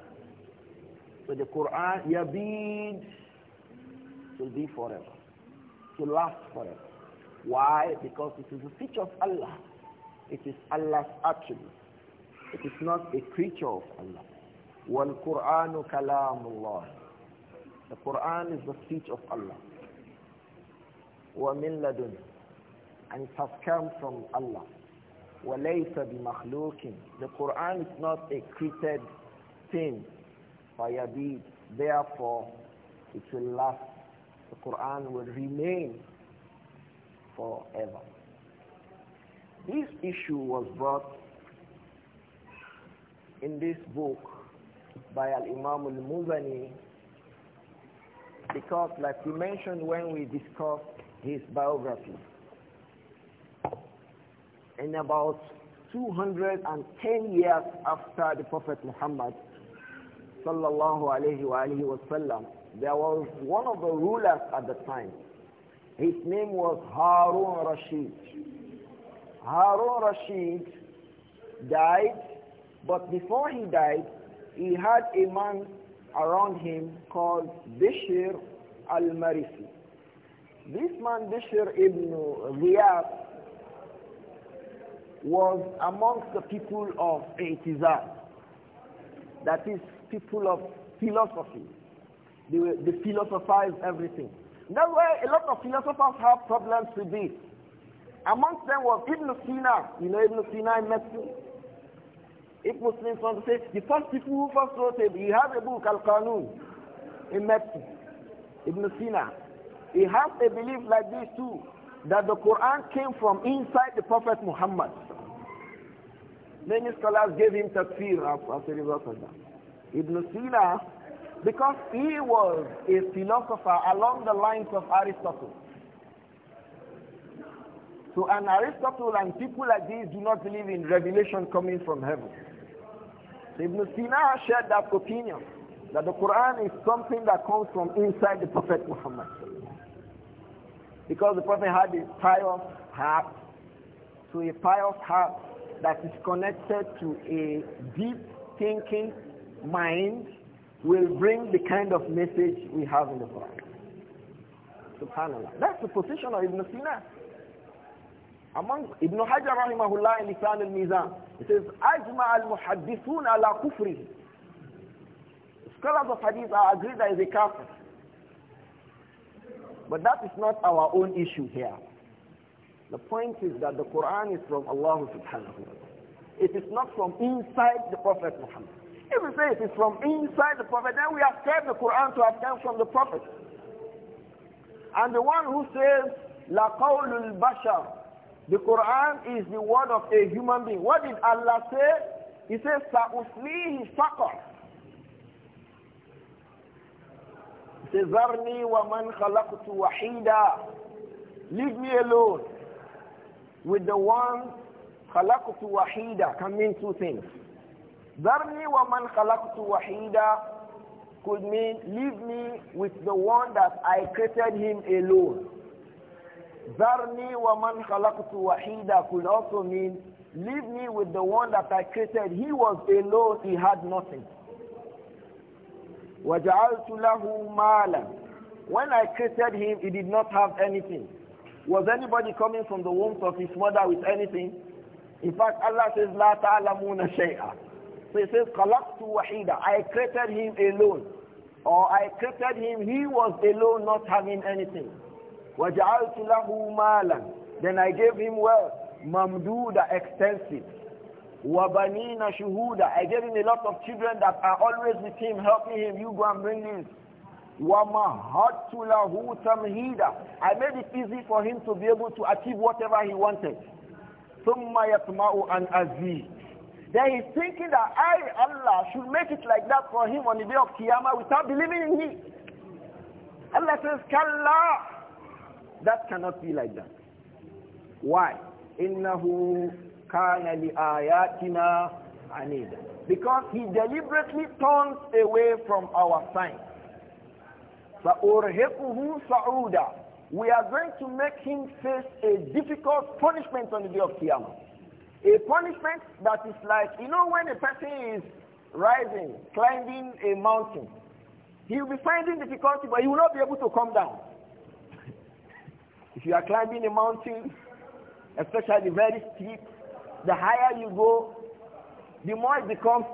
So the Quran, Yabid, will be forever. To last forever. Why? Because it is a feature of Allah. It is Allah's attribute. It is not a creature of Allah. وَالْقُرْآنُ كَلَامُ اللَّهِ The Quran is the speech of Allah. وَمِنْ لَدُنْهِ and it has come from Allah. وَلَيْسَ بِمَخْلُوقٍ The Quran is not a created thing. فَيَبِيدْ Therefore, it will last. The Quran will remain forever. This issue was brought in this book by Al-Imam Al-Muzani because like we mentioned when we discussed his biography, in about 210 years after the Prophet Muhammad sallallahu alayhi wa alayhi wasallam, there was one of the rulers at the time. His name was Harun Rashid. Harun Rashid died, but before he died, he had a man around him called Bishir al-Marisi. This man, Bishir ibn Riyad, was amongst the people of Itizar, that is, people of philosophy. They, were, they philosophize everything. That's why a lot of philosophers have problems with this. Amongst them was Ibn Sina. You know Ibn Sina in Mexico? If Muslims want to say, the first people who first wrote it, he has a book, Al-Qanun, in Mexico, Ibn Sina. He has a belief like this too, that the Quran came from inside the Prophet Muhammad. Many scholars gave him tafsir as, as a result of that. Ibn Sina, because he was a philosopher along the lines of Aristotle. So an Aristotle and people like these do not believe in revelation coming from heaven. So Ibn Sina shared that opinion that the Quran is something that comes from inside the Prophet Muhammad. Because the Prophet had a pious heart. So a pious heart that is connected to a deep thinking mind will bring the kind of message we have in the Quran. Subhanallah. That's the position of Ibn Sina. Among Ibn Hajar rahimahullah in Lisan al-Mizan, it says, أَجْمَعَ الْمُحَدِّثُونَ عَلَى كُفْرِهِ Scholars of Hadith are agreed that is a kafir. But that is not our own issue here. The point is that the Quran is from Allah subhanahu wa ta'ala. It is not from inside the Prophet Muhammad. If we say it is from inside the Prophet, then we said the Quran to have come from the Prophet. And the one who says, La qawlul bashar, the Quran is the word of a human being. What did Allah say? He says, Sa'uslihi saqar. He says, Zarni wa man khalaqtu wahida. Leave me alone with the one خلقت وحيدا can mean two things ذرني ومن خلقت وحيدا could mean leave me with the one that I created him alone ذرني ومن خلقت وحيدا could also mean leave me with the one that I created he was alone he had nothing وجعلت له مالا when I created him he did not have anything was anybody coming from the womb of his mother with anything? In fact, Allah says, La ta'alamuna shay'a. So he says, Qalaqtu wahida. I created him alone. Or I created him, he was alone, not having anything. وَجَعَلْتُ لَهُ مَالًا Then I gave him wealth, mamduda, extensive. وَبَنِينَ شُهُودًا I gave him a lot of children that are always with him, helping him. You go and bring this. وَمَهَدْتُ لَهُ تَمْهِيدًا I made it easy for him to be able to achieve whatever he wanted. ثُمَّ يَطْمَعُ أَنْ أَزِيدُ Then he's thinking that I, Allah, should make it like that for him on the day of Qiyamah without believing in him. Allah says, Kalla! That cannot be like that. Why? إِنَّهُ كَانَ لِآيَاتِنَا عَنِيدًا Because he deliberately turns away from our signs. فَأُرْهِقُهُ صَعُودًا We are going to make him face a difficult punishment on the day of Qiyamah. A punishment that is like, you know when a person is rising, climbing a mountain, he will be finding difficulty but he will not be able to come down. if you are climbing a mountain, especially very steep, the higher you go, the more it becomes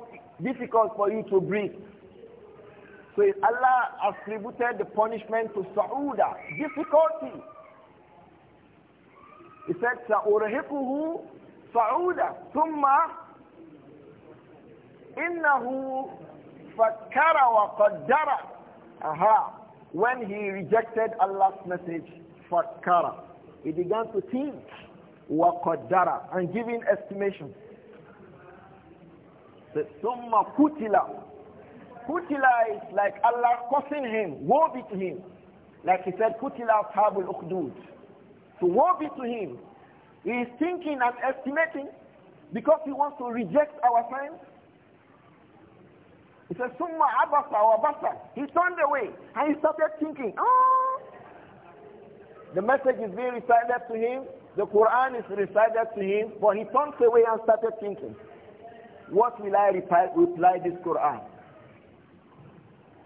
difficult for you to breathe. So Allah attributed the punishment to Sauda, difficulty. He said, سَأُرْهِقُهُ صَعُودًا ثُمَّ إِنَّهُ wa وَقَدَّرَ Aha. When he rejected Allah's message, fakara. He began to think, وَقَدَّرَ And giving estimation. ثُمَّ قُتِلَ Kutila is like Allah cursing him, woe be to him. Like he said, Kutila ashabul ukhdud. So woe be to him. He is thinking and estimating because he wants to reject our signs. He says, Summa abasa wa basa. He turned away and he started thinking, oh. The message is being recited to him. The Quran is recited to him. But he turns away and started thinking, what will I reply, reply this Quran?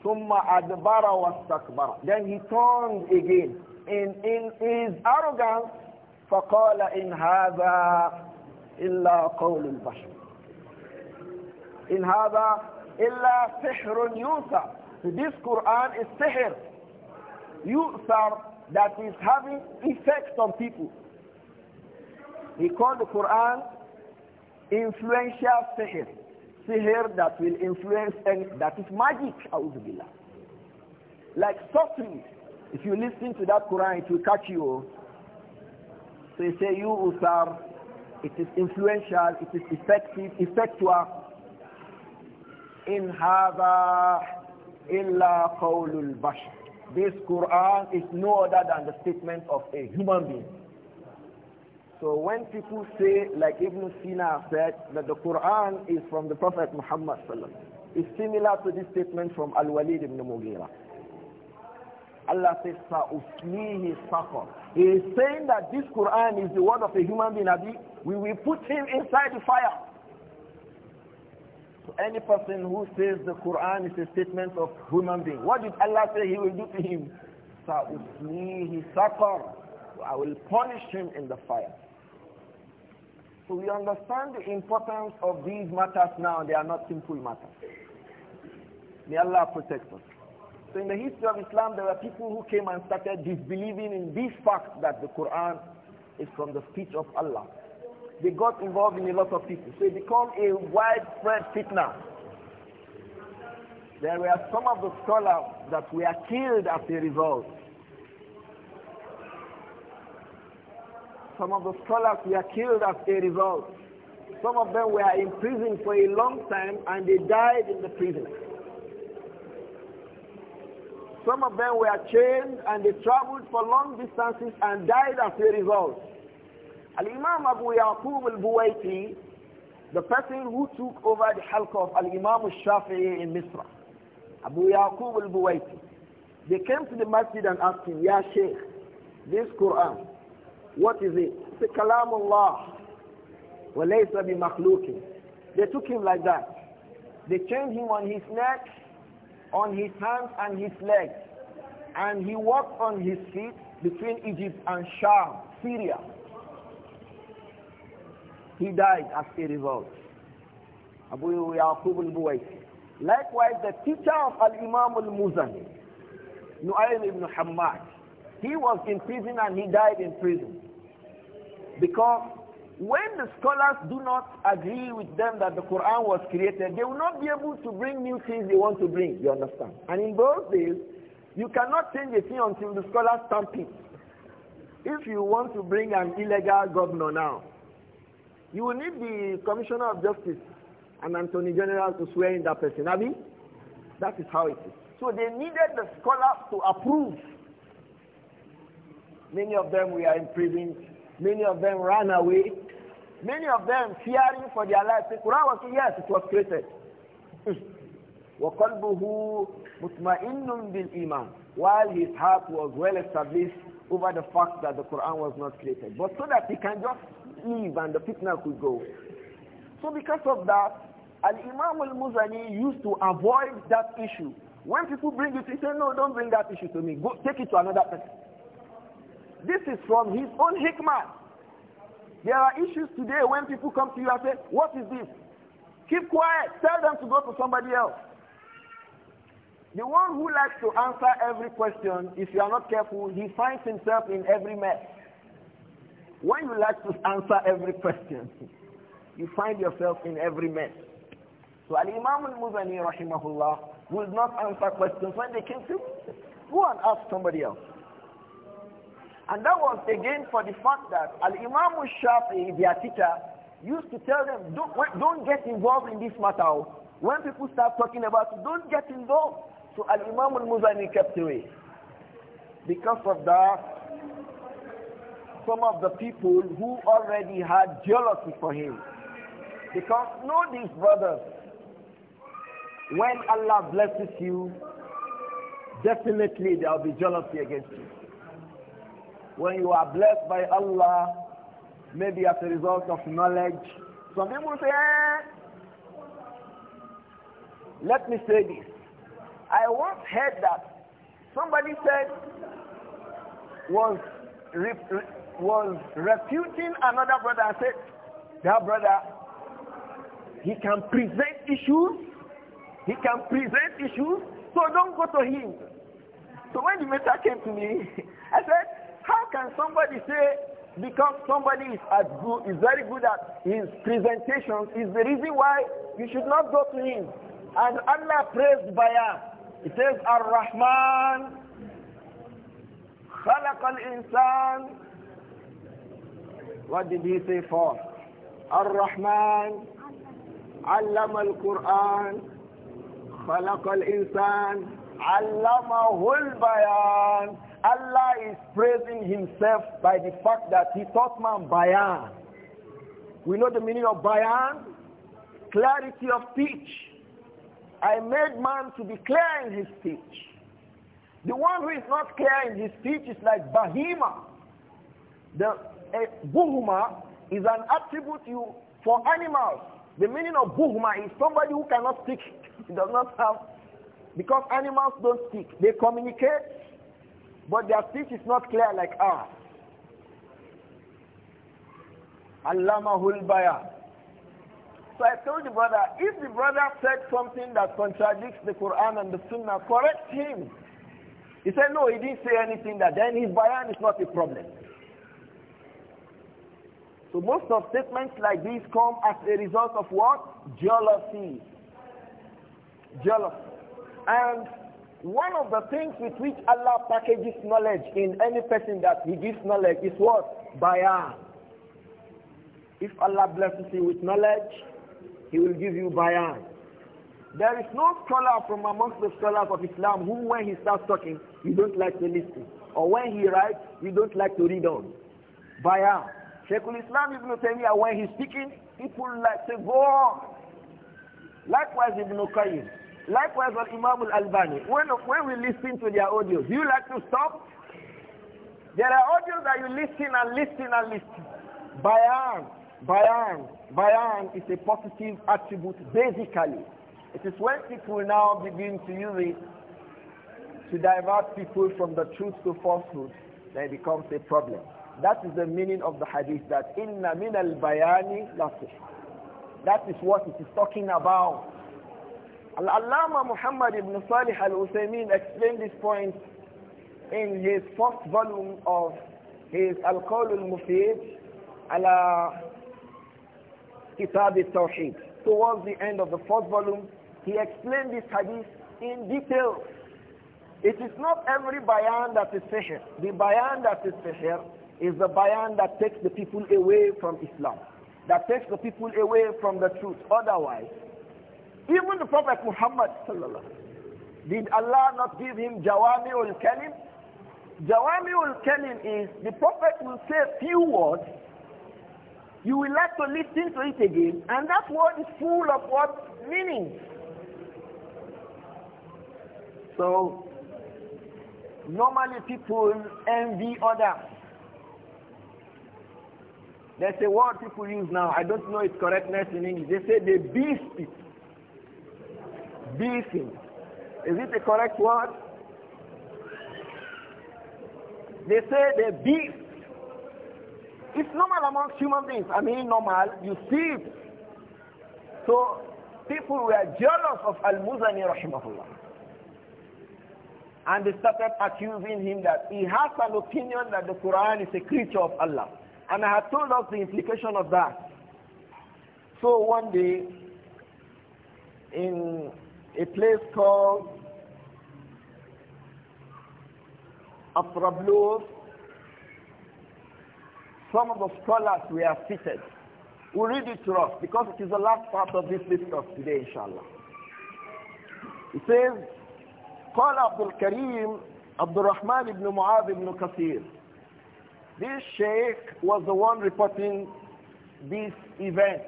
ثم أدبر واستكبر then he turned again in, in his arrogance فقال إن هذا إلا قول البشر إن هذا إلا سحر so this Quran is سحر يؤثر that is having effect on people he called the Quran influential سحر sihr that will influence and that is magic, Like sorcery. If you listen to that Quran, it will catch you. So you say, you Usar, it is influential, it is effective, effectual. In hada illa qawlul bashar. This Quran is no other than the statement of a human being. So when people say, like Ibn Sina said, that the Quran is from the Prophet Muhammad sallallahu it's similar to this statement from Al-Walid ibn Mughira. Allah says, Sa'uslihi sakhr. He is saying that this Quran is the word of a human being, Abi. We will put him inside the fire. So any person who says the Quran is a statement of human being, what did Allah say he will do to him? Sa'uslihi sakhr. I will punish him in the fire. So we understand the importance of these matters now. They are not simple matters. May Allah protect us. So in the history of Islam, there were people who came and started disbelieving in this fact that the Quran is from the speech of Allah. They got involved in a lot of people. So it became a widespread fitna. There were some of the scholars that were killed as a result. Some of the scholars were killed as a result. Some of them were imprisoned for a long time and they died in the prison. Some of them were chained and they traveled for long distances and died as a result. Al-Imam Abu Yaqub al-Buwaiti, the person who took over the halqa of Al-Imam al-Shafi'i in Misra, Abu Yaqub al-Buwaiti, they came to the masjid and asked him, Ya Sheikh, this Quran, what is it? It's kalamullah. وَلَيْسَ بِمَخْلُوقٍ They took him like that. They chained him on his neck, on his hands and his legs. And he walked on his feet between Egypt and Sham, Syria. He died as a result. Abu Yaqub al-Buwaisi. Likewise, the teacher of Al-Imam al-Muzani, Nu'aym ibn Hammad, he was in prison and he died in prison. Because when the scholars do not agree with them that the Quran was created, they will not be able to bring new things they want to bring, you understand? And in those days, you cannot change a thing until the scholars stamp it. If you want to bring an illegal governor now, you will need the Commissioner of Justice and Attorney General to swear in that person. Abi, that is how it is. So they needed the scholars to approve Many of them were prison. Many of them ran away. Many of them fearing for their lives. The Quran was, yes, it was created. وَقَلْبُهُ مُطْمَئِنٌ بِالْإِيمَانِ While his heart was well established over the fact that the Quran was not created. But so that he can just leave and the fitna could go. So because of that, Al-Imam al-Muzani used to avoid that issue. When people bring it, he said, no, don't bring that issue to me. Go take it to another person. This is from his own hikmah. There are issues today when people come to you and say, what is this? Keep quiet. Tell them to go to somebody else. The one who likes to answer every question, if you are not careful, he finds himself in every mess. When you like to answer every question, you find yourself in every mess. So Al-Imam al-Muzani, rahimahullah, will not answer questions when they came to Go and ask somebody else. And that was again for the fact that Al-Imam Shafi'i, their teacher, used to tell them, don't, don't get involved in this matter. Oh. When people start talking about it, don't get involved. So Al-Imam Al-Muzani kept away. Because of that, some of the people who already had jealousy for him. Because know these brothers, when Allah blesses you, definitely there will be jealousy against you when you are blessed by Allah, maybe as a result of knowledge, some people say, eh. let me say this. I once heard that somebody said, was, re, re, was refuting another brother and said, that brother, he can present issues, he can present issues, so don't go to him. So when the matter came to me, I said, can somebody say because somebody is as good is very good at his presentations is the reason why you should not go to him? And Allah praised Bayah. It says Ar-Rahman خلق Insan. What did he say for? Ar-Rahman علم al Insan, الإنسان al البيان Allah is praising himself by the fact that he taught man bayan. We know the meaning of bayan, clarity of speech. I made man to be clear in his speech. The one who is not clear in his speech is like bahima. The uh, buhuma is an attribute you for animals. The meaning of buhuma is somebody who cannot speak. He does not have because animals don't speak. They communicate but their speech is not clear like ours. Allamahul So I told the brother, if the brother said something that contradicts the Quran and the Sunnah, correct him. He said, no, he didn't say anything that then his bayan is not a problem. So most of statements like these come as a result of what? Jealousy. Jealousy. And one of the things with which Allah packages knowledge in any person that He gives knowledge is what? Bayah. If Allah blesses you with knowledge, He will give you bayah. There is no scholar from amongst the scholars of Islam whom when he starts talking, you don't like to listen. Or when he writes, you don't like to read on. Bayan. Sheikhul Islam Ibn Taymiyyah, when he's speaking, people like to go on. Likewise Ibn Qayyim. Likewise on Imam al-Albani. When, when we listen to their audios, you like to stop? There are audios that you listen and listen and listen. Bayan, bayan, bayan is a positive attribute basically. It is when people now begin to use it to divert people from the truth to falsehood that it becomes a problem. That is the meaning of the hadith that inna min al bayani That is what it is talking about. Al-Allama Muhammad ibn Salih al-Uthaymeen explained this point in his first volume of his Al-Qawl al-Mufid ala Kitab al-Tawheed. Towards the end of the first volume, he explained this hadith in detail. It is not every bayan that is sihr. The bayan that is sihr is the bayan that takes the people away from Islam, that takes the people away from the truth. Otherwise, even the Prophet Muhammad did Allah not give him Jawami Jawami'ul Kalim? ul Kalim is the Prophet will say a few words, you will like to listen to it again, and that word is full of what meaning. So, normally people envy others. There's a word people use now, I don't know its correctness in English. They say they beast people beating. Is it the correct word? They say they beat. It's normal amongst human beings. I mean normal, you see it. So people were jealous of Al-Muzani rahimahullah. And they started accusing him that he has an opinion that the Quran is a creature of Allah. And I had told us the implication of that. So one day, in a place called Atrablos, some of the scholars we have seated. we read it to us because it is the last part of this discourse today, inshallah. It says, قال عبد الكريم عبد الرحمن بن معاذ بن كثير This sheikh was the one reporting this event.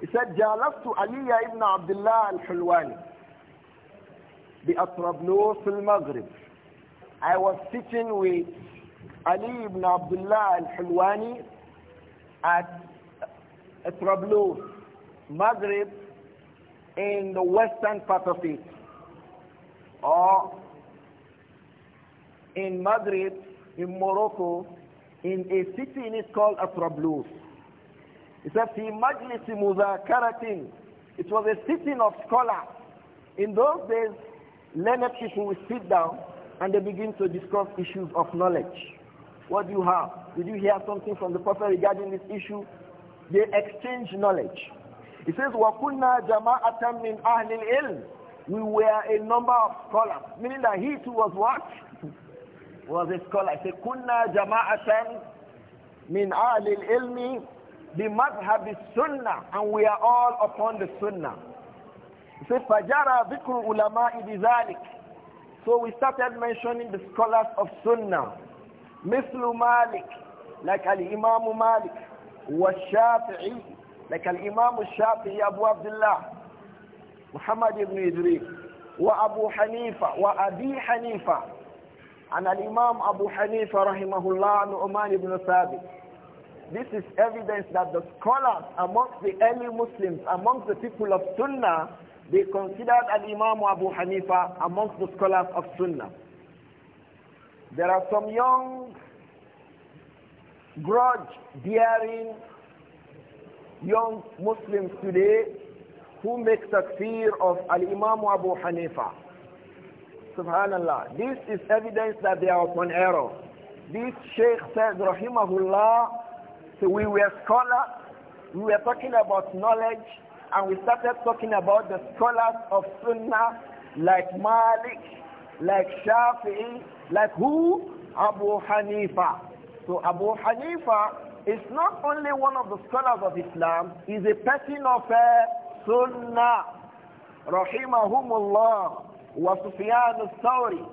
He said, جالست علي المغرب. I was sitting with Ali ibn Abdullah al-Hulwani at Atrablus, Maghrib, in the western part of it. Or in Maghrib, in Morocco, in a city in it called Atrablus. He said, في مجلس مذاكرة. It was a sitting of scholars. In those days, learned people would sit down and they begin to discuss issues of knowledge. What do you have? Did you hear something from the Prophet regarding this issue? They exchange knowledge. It says, وَكُنَّا جَمَاعَةً مِنْ أَهْلِ الْعِلْمِ We were a number of scholars, meaning that he too was what? was a scholar. He said, كُنَّا جَمَاعَةً مِنْ أَهْلِ الْعِلْمِ the madhab is sunnah, and we are all upon the sunnah. Say, Fajara bikru ulama ibizalik. So we started mentioning the scholars of sunnah. Mislu Malik, like al-Imam Malik, wa Shafi'i, like al-Imam Shafi'i Abu Abdullah, Muhammad ibn Idris, wa Abu Hanifa, wa Abi Hanifa, and al-Imam Abu Hanifa rahimahullah, Nu'man ibn Thabit. This is evidence that the scholars amongst the early Muslims, amongst the people of Sunnah, they considered Al-Imam Abu Hanifa amongst the scholars of Sunnah. There are some young, grudge-bearing young Muslims today who make takfir of Al-Imam Abu Hanifa. Subhanallah. This is evidence that they are upon error. This Sheikh said, Rahimahullah, so we were scholars, we were talking about knowledge, and we started talking about the scholars of Sunnah like Malik, like Shafi'i, like who? Abu Hanifa. So Abu Hanifa is not only one of the scholars of Islam, he's a person of a uh, Sunnah. Rahimahumullah wa Sufyan al-Thawri.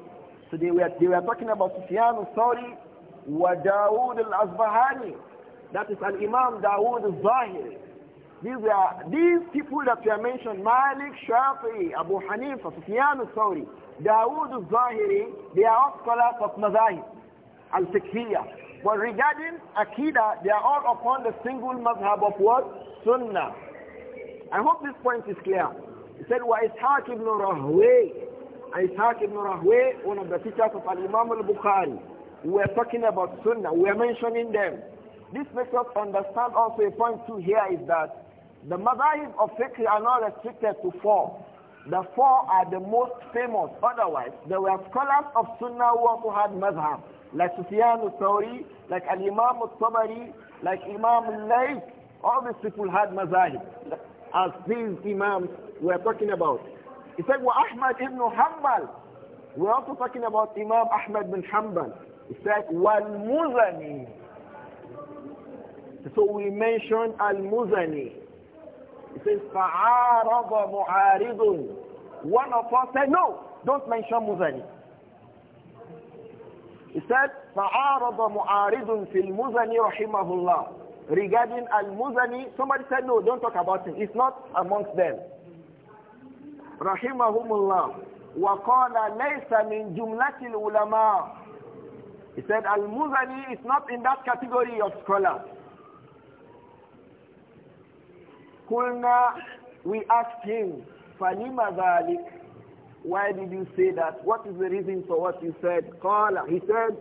So they were, they were talking about Sufyan al-Thawri wa Dawood al azbahani that an Al-Imam Dawood Zahiri. These are these people that we have mentioned, Malik, Shafi'i, Abu Hanifa, Sufyan al-Thawri, Dawood al-Zahiri, they are all scholars of Mazahib, al-Fiqhiyya. But regarding Akida, they are all upon the single mazhab of what? Sunnah. I hope this point is clear. He said, Wa Ishaq ibn Rahway. Ishaq ibn Rahway, one of the teachers of Al-Imam al-Bukhari. We are talking about Sunnah. We are mentioning them. This makes us understand also a point two here is that the madahib of fiqh are not restricted to four. The four are the most famous. Otherwise, there were scholars of Sunnah who also had madhab, like Sufyan al-Thawri, like Al-Imam al-Tabari, like Imam al-Layth. All these people had madhab, as these imams were talking about. He said, well, Ahmad ibn Hanbal." We're also talking about Imam Ahmad bin Hanbal. He said, "Wal Muzani." So we mentioned Al-Muzani. It says, فَعَارَضَ مُعَارِضٌ One of us said, no, don't mention Muzani. He said, فَعَارَضَ مُعَارِضٌ فِي الْمُزَنِ رَحِمَهُ اللَّهُ Regarding Al-Muzani, somebody said, no, don't talk about him. It's not amongst them. رَحِمَهُمُ اللَّهُ وَقَالَ لَيْسَ مِنْ جُمْلَةِ الْعُلَمَاءِ He said, Al-Muzani is not in that category of scholars. Kulna, we asked him, Falima dhalik, why did you say that? What is the reason for what you said? Qala, he said,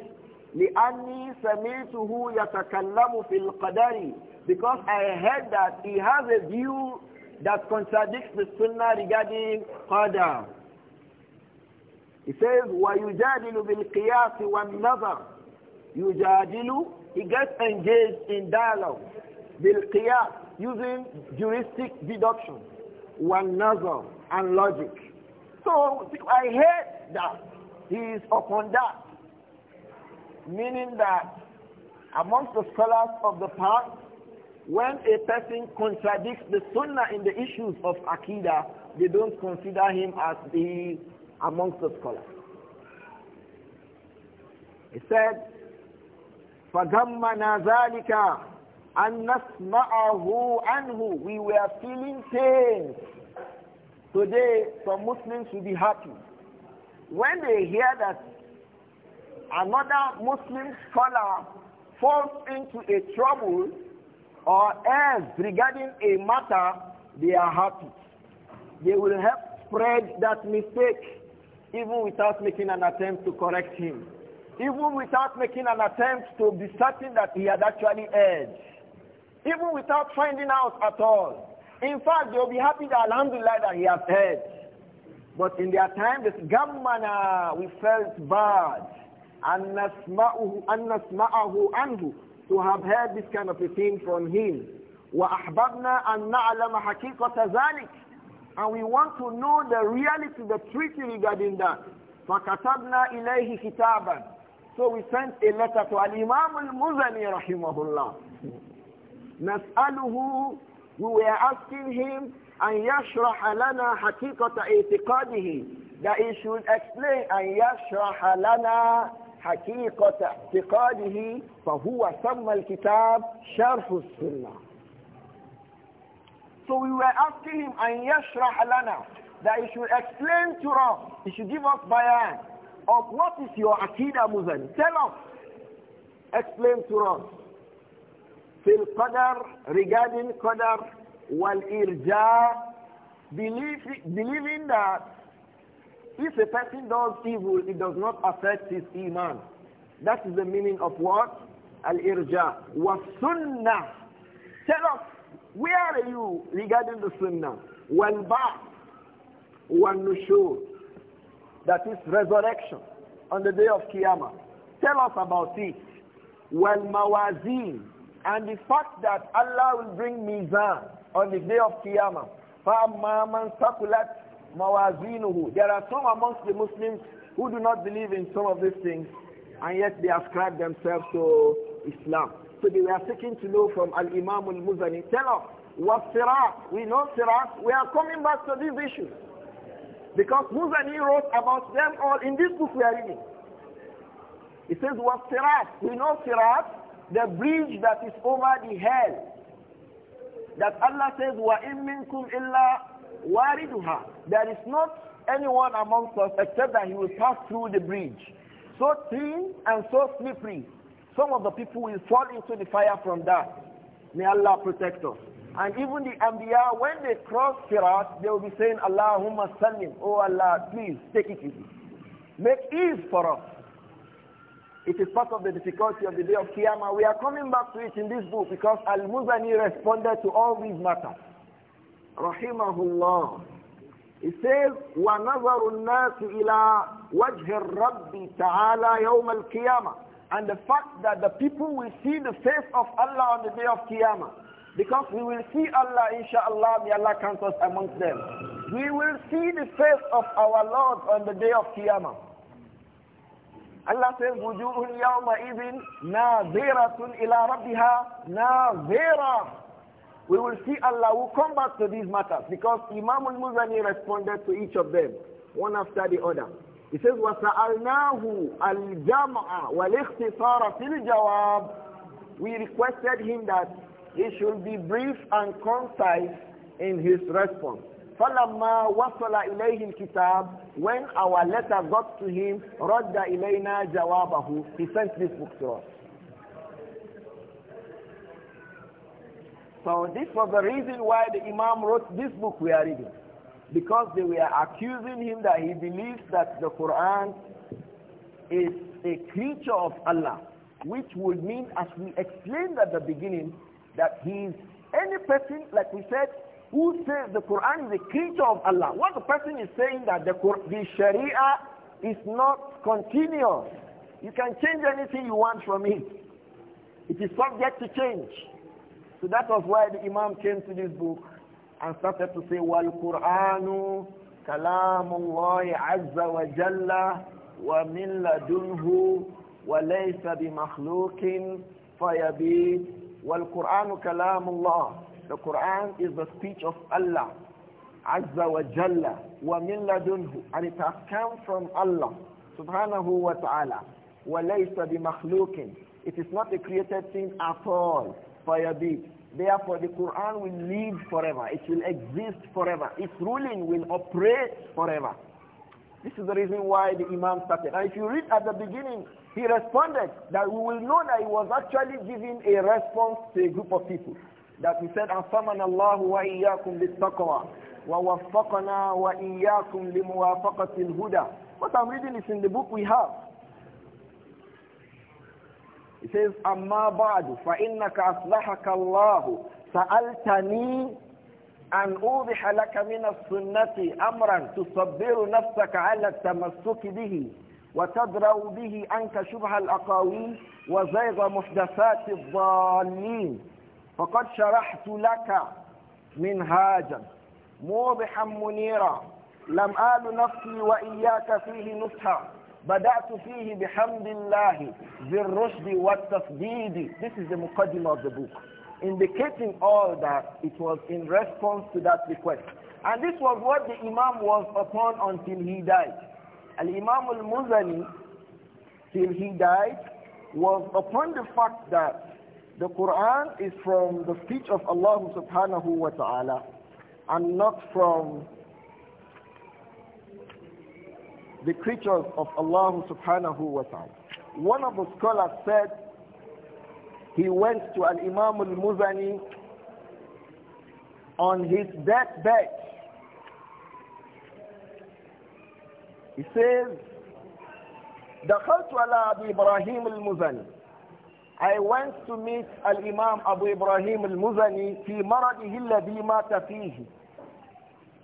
لأني سمعته يتكلم في القدر because I heard that he has a view that contradicts the sunnah regarding qadar. He says, وَيُجَادِلُ بِالْقِيَاسِ وَالنَّظَرِ يُجَادِلُ He gets engaged in dialogue. بِالْقِيَاسِ using juristic deduction, one nozzle, and logic. So I heard that he is upon that, meaning that amongst the scholars of the past, when a person contradicts the sunnah in the issues of akida, they don't consider him as the amongst the scholars. He said, فَغَمَّنَا ذَلِكَ and nasma'ahu anhu. We were feeling pain. Today, some Muslims will be happy. When they hear that another Muslim scholar falls into a trouble or else regarding a matter, they are happy. They will help spread that mistake even without making an attempt to correct him. Even without making an attempt to be certain that he had actually erred even without finding out at all. In fact, they'll be happy that Alhamdulillah that he has heard. But in their time, this gammana, we felt bad. and Annasma'ahu anhu, to have heard this kind of a thing from him. وَأَحْبَبْنَا أَن نَعْلَمَ حَقِيقَةَ ذَلِكَ And we want to know the reality, the truth regarding that. فَكَتَبْنَا إِلَيْهِ كِتَابًا So we sent a letter to Al-Imam Al-Muzani rahimahullah Nas nas'aluhu we were asking him an yashrah lana haqiqata i'tiqadihi that he should explain an yashrah lana haqiqata i'tiqadihi fa huwa sama al-kitab sharh sunnah so we were asking him an yashrah lana that he should explain to us he should give us bayan of what is your aqeedah muzan tell us explain to us regarding qadar, wal irja, believing that if a person does evil, it does not affect his iman. That is the meaning of what? Al-irja. Wa sunnah. Tell us, where are you regarding the sunnah? When ba' wal nushur. That is resurrection on the day of Qiyamah. Tell us about it. When mawazin. And the fact that Allah will bring mizan on the day of Qiyamah. There are some amongst the Muslims who do not believe in some of these things and yet they ascribe themselves to Islam. So they are seeking to know from Al-Imam Al-Muzani, tell us, what Sirat? We know Sirat. We are coming back to these issues. Because Muzani wrote about them all in this book we are reading. It says, what Sirat? We know Sirat the bridge that is over the hell. That Allah says, وَإِن مِّنْكُمْ illa wariduha. There is not anyone amongst us except that he will pass through the bridge. So thin and so slippery. Some of the people will fall into the fire from that. May Allah protect us. And even the Anbiya, when they cross Sirat, they will be saying, Allahumma sallim, oh Allah, please take it easy. Make ease for us. It is part of the difficulty of the day of Qiyamah. We are coming back to it in this book because Al-Muzani responded to all these matters. Rahimahullah. He says, وَنَظَرُ النَّاسِ إِلَىٰ وَجْهِ الرَّبِّ تَعَالَى يَوْمَ الْقِيَامَةِ And the fact that the people will see the face of Allah on the day of Qiyamah. Because we will see Allah, inshallah, may Allah count us amongst them. We will see the face of our Lord on the day of Qiyamah. Allah says, وَجُوهٌ يَوْمَئِذٍ نَاظِرَةٌ ila رَبِّهَا نَاظِرَةٌ We will see Allah. will come back to these matters because Imam al-Muzani responded to each of them, one after the other. He says, وَسَأَلْنَاهُ wa وَالِاخْتِصَارَ فِي jawab." We requested him that he should be brief and concise in his response. فَلَمَّا وَصَلَ إِلَيْهِ الْكِتَابِ When our letter got to him, رَدَّ ilayna jawabahu He sent this book to us. So this was the reason why the Imam wrote this book we are reading. Because they were accusing him that he believes that the Quran is a creature of Allah, which would mean, as we explained at the beginning, that he is any person, like we said, who says the Quran is a creature of Allah. What the person is saying that the, the Sharia is not continuous. You can change anything you want from it. It is subject to change. So that was why the Imam came to this book and started to say, Wal Quranu kalamullahi azza wa jalla wa min ladunhu wa laysa bi makhlukin fayabid. Wal Quranu kalamullah. The Quran is the speech of Allah, Azza wa Jalla, wa min ladunhu, and it has come from Allah, subhanahu wa ta'ala, wa laysa bimakhluqin. It is not a created thing at all, fayabid. Therefore, the Quran will live forever. It will exist forever. Its ruling will operate forever. This is the reason why the Imam started. And if you read at the beginning, he responded that we will know that he was actually giving a response to a group of people. that he said, أَصَّمَنَ اللَّهُ وَإِيَّاكُمْ لِلتَّقْوَى وَوَفَّقَنَا وَإِيَّاكُمْ لِمُوَافَقَةِ الْهُدَى What I'm reading is in the book we have. It says, أَمَّا بَعْدُ فَإِنَّكَ أَصْلَحَكَ اللَّهُ سَأَلْتَنِي أن أوضح لك من السنة أمرا تصبر نفسك على التمسك به وتدرأ به عنك شبه الأقاويل وزيغ محدثات الضالين فقد شرحت لك منهاجا موضحا منيرا لم آل نفسي وإياك فيه نصحا بدأت فيه بحمد الله بالرشد والتصديد This is the muqaddimah of the book indicating all that it was in response to that request and this was what the Imam was upon until he died Al-Imam al-Muzani till he died was upon the fact that the Quran is from the speech of Allah subhanahu wa ta'ala and not from the creatures of Allah subhanahu wa ta'ala. One of the scholars said he went to an Imam al-Muzani on his deathbed. He says, دخلت على أبي إبراهيم المزني I went to meet Al-Imam Abu Ibrahim Al-Muzani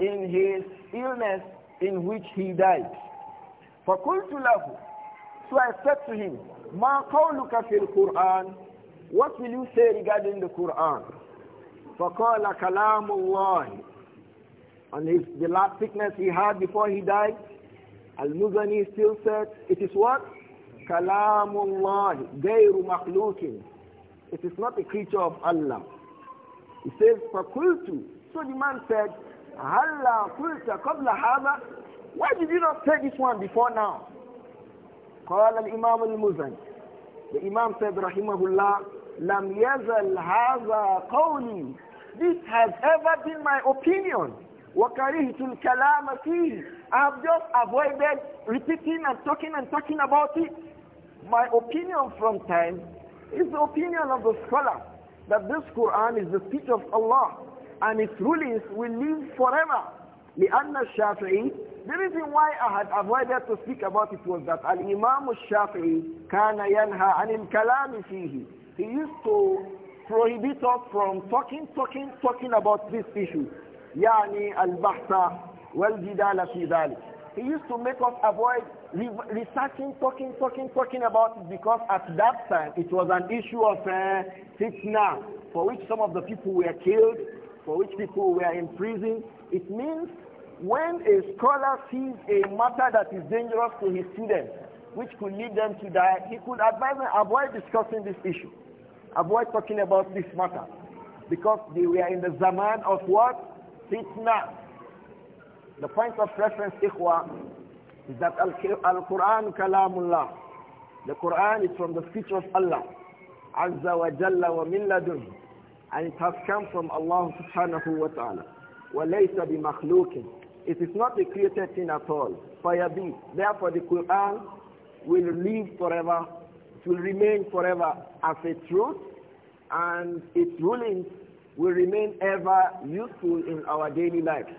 in his illness in which he died. فقلت له So I said to him, ما قولك في القرآن What will you say regarding the Quran? فقال كلام الله And his, the last sickness he had before he died, Al-Muzani still said, it is what? Kalamullah, غير مخلوق. It is not a creature of Allah. He says, فَقُلْتُ So the man said, هَلَّا قُلْتَ قَبْلَ هَذَا Why did you not say this one before now? قال الإمام المزني The Imam said, رحمه الله, لَمْ يَزَلْ هَذَا قَوْلِي This has ever been my opinion. وَكَرِهْتُ الْكَلَامَ فِيهِ I have just avoided repeating and talking and talking about it. My opinion from time is the opinion of the scholar that this Quran is the speech of Allah and its rulings will live forever. لأن الشافعي The reason why I had avoided to speak about it was that Al-Imam al-Shafi'i كان ينهى عن الكلام فيه He used to prohibit us from talking, talking, talking about this issue. يعني البحث والجدال في ذلك He used to make us avoid researching, talking, talking, talking about it because at that time it was an issue of uh, fitna for which some of the people were killed, for which people were in prison. It means when a scholar sees a matter that is dangerous to his students, which could lead them to die, he could advise them avoid discussing this issue, avoid talking about this matter, because they were in the zaman of what? Fitna. The point of reference, ikhwa, is that Al-Quran kalamullah. The Quran is from the speech of Allah. Azza wa Jalla wa min ladun. And it has come from Allah subhanahu wa ta'ala. wa وَلَيْسَ بِمَخْلُوقٍ It is not a created thing at all. فَيَبِي Therefore the Quran will live forever. It will remain forever as a truth. And its rulings will remain ever useful in our daily lives.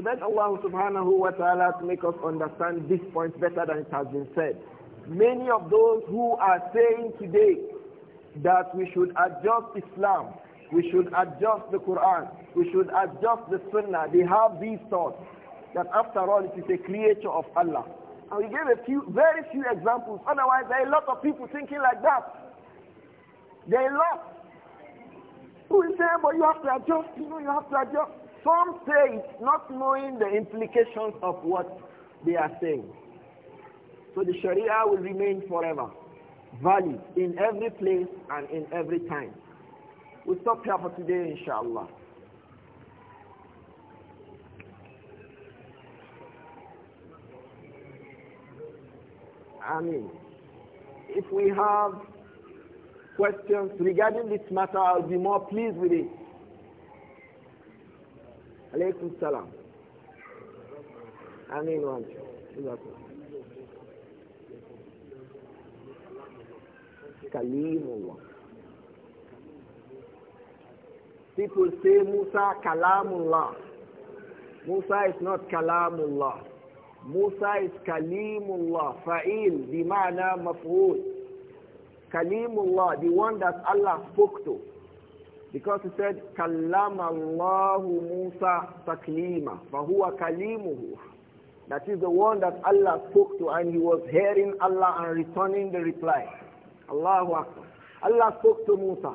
So that Allah subhanahu wa ta'ala to make us understand this point better than it has been said. Many of those who are saying today that we should adjust Islam, we should adjust the Quran, we should adjust the Sunnah, they have these thoughts that after all it is a creature of Allah. And we gave a few, very few examples. Otherwise, there are a lot of people thinking like that. There are a lot. Who but you have to adjust, you know, you have to adjust. Some say it not knowing the implications of what they are saying. So the Sharia will remain forever, valid in every place and in every time. we will stop here for today, inshallah. I mean, if we have questions regarding this matter, I'll be more pleased with it. Alaykum salam. Amin wa Kalimullah. People say Musa Kalamullah. Musa is not Kalamullah. Musa is Kalimullah. Fa'il, bima'na maf'ul. Kalimullah, the one that Allah spoke to. Because he said, كَلَّمَ Allahu Musa Taklima, فَهُوَ كَلِيمُهُ That is the one that Allah spoke to and he was hearing Allah and returning the reply. Allahu Akbar. Allah spoke to Musa.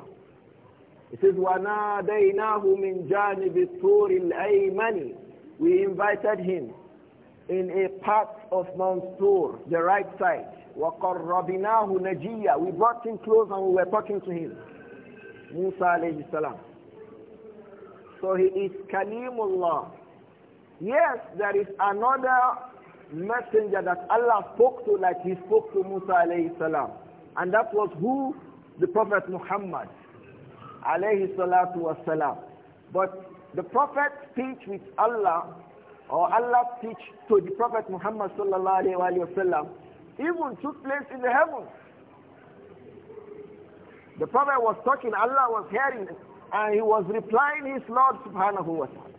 It says, وَنَادَيْنَاهُ مِنْ جَانِبِ الطُّورِ الْأَيْمَنِ We invited him in a part of Mount Tur, the right side. وَقَرَّبِنَاهُ najiya. We brought him close and we were talking to him. Musa alayhi salam. So he is Kalimullah. Yes, there is another messenger that Allah spoke to like he spoke to Musa alayhi salam. And that was who? The Prophet Muhammad alayhi salatu was salam. But the Prophet speech with Allah or Allah speech to the Prophet Muhammad sallallahu alayhi wa sallam even took place in the heavens. The Prophet was talking, Allah was hearing, and he was replying his Lord subhanahu wa ta'ala.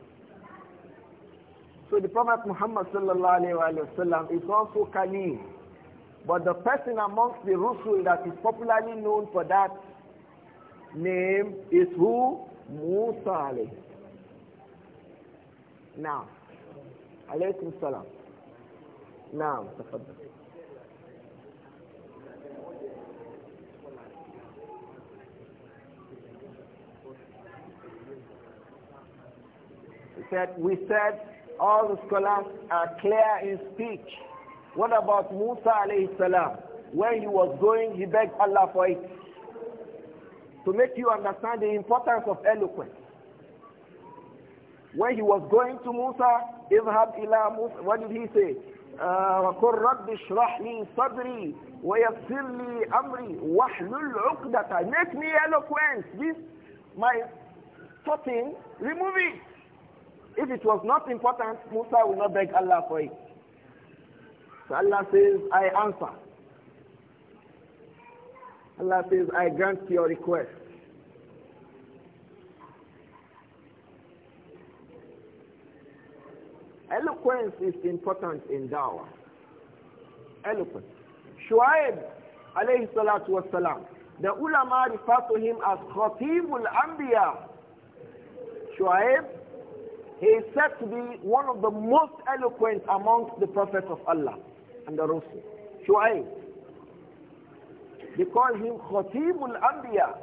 So the Prophet Muhammad sallallahu alayhi wasallam is also Khalil. But the person amongst the Rusul that is popularly known for that name is who? Musa alayhi. Now, alaykum salam. Now, تفضل. said, we said all the scholars are clear in speech. What about Musa alayhi salam? When he was going, he begged Allah for it. To make you understand the importance of eloquence. When he was going to Musa, اذهب إلى موسى, what did he say? وقل رب اشرح لي صدري ويسر لي أمري Make me eloquent. This, my talking, remove it. If it was not important, Musa would not beg Allah for it. So Allah says, I answer. Allah says, I grant your request. Eloquence is important in dawah. Eloquence. Shuaib, alayhi salatu wasalam. The ulama refer to him as Khatibul Anbiya. Shuaib he is said to be one of the most eloquent amongst the prophets of Allah and the Rasul. Shu'aib. They call him Khatibul Anbiya.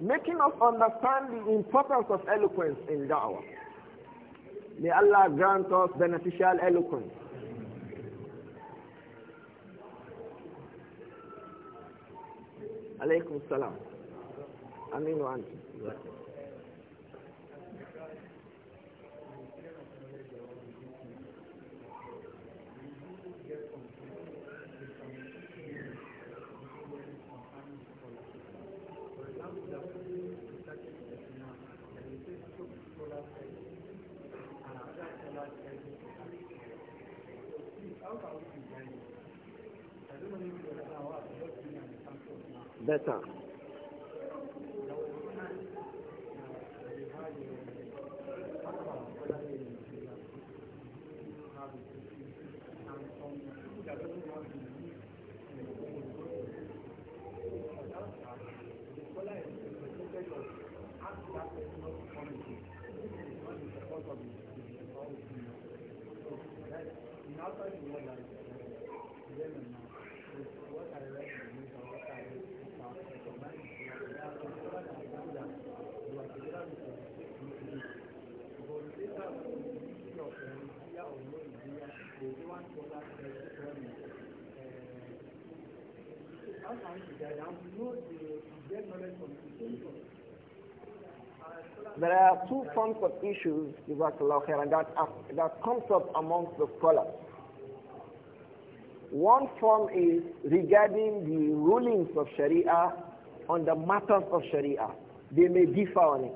Making us understand the importance of eloquence in da'wah. May Allah grant us beneficial eloquence. Alaykum salam. Aminu antum. better There are two forms of issues that, that comes up amongst the scholars. One form is regarding the rulings of Sharia on the matters of Sharia. They may differ on it.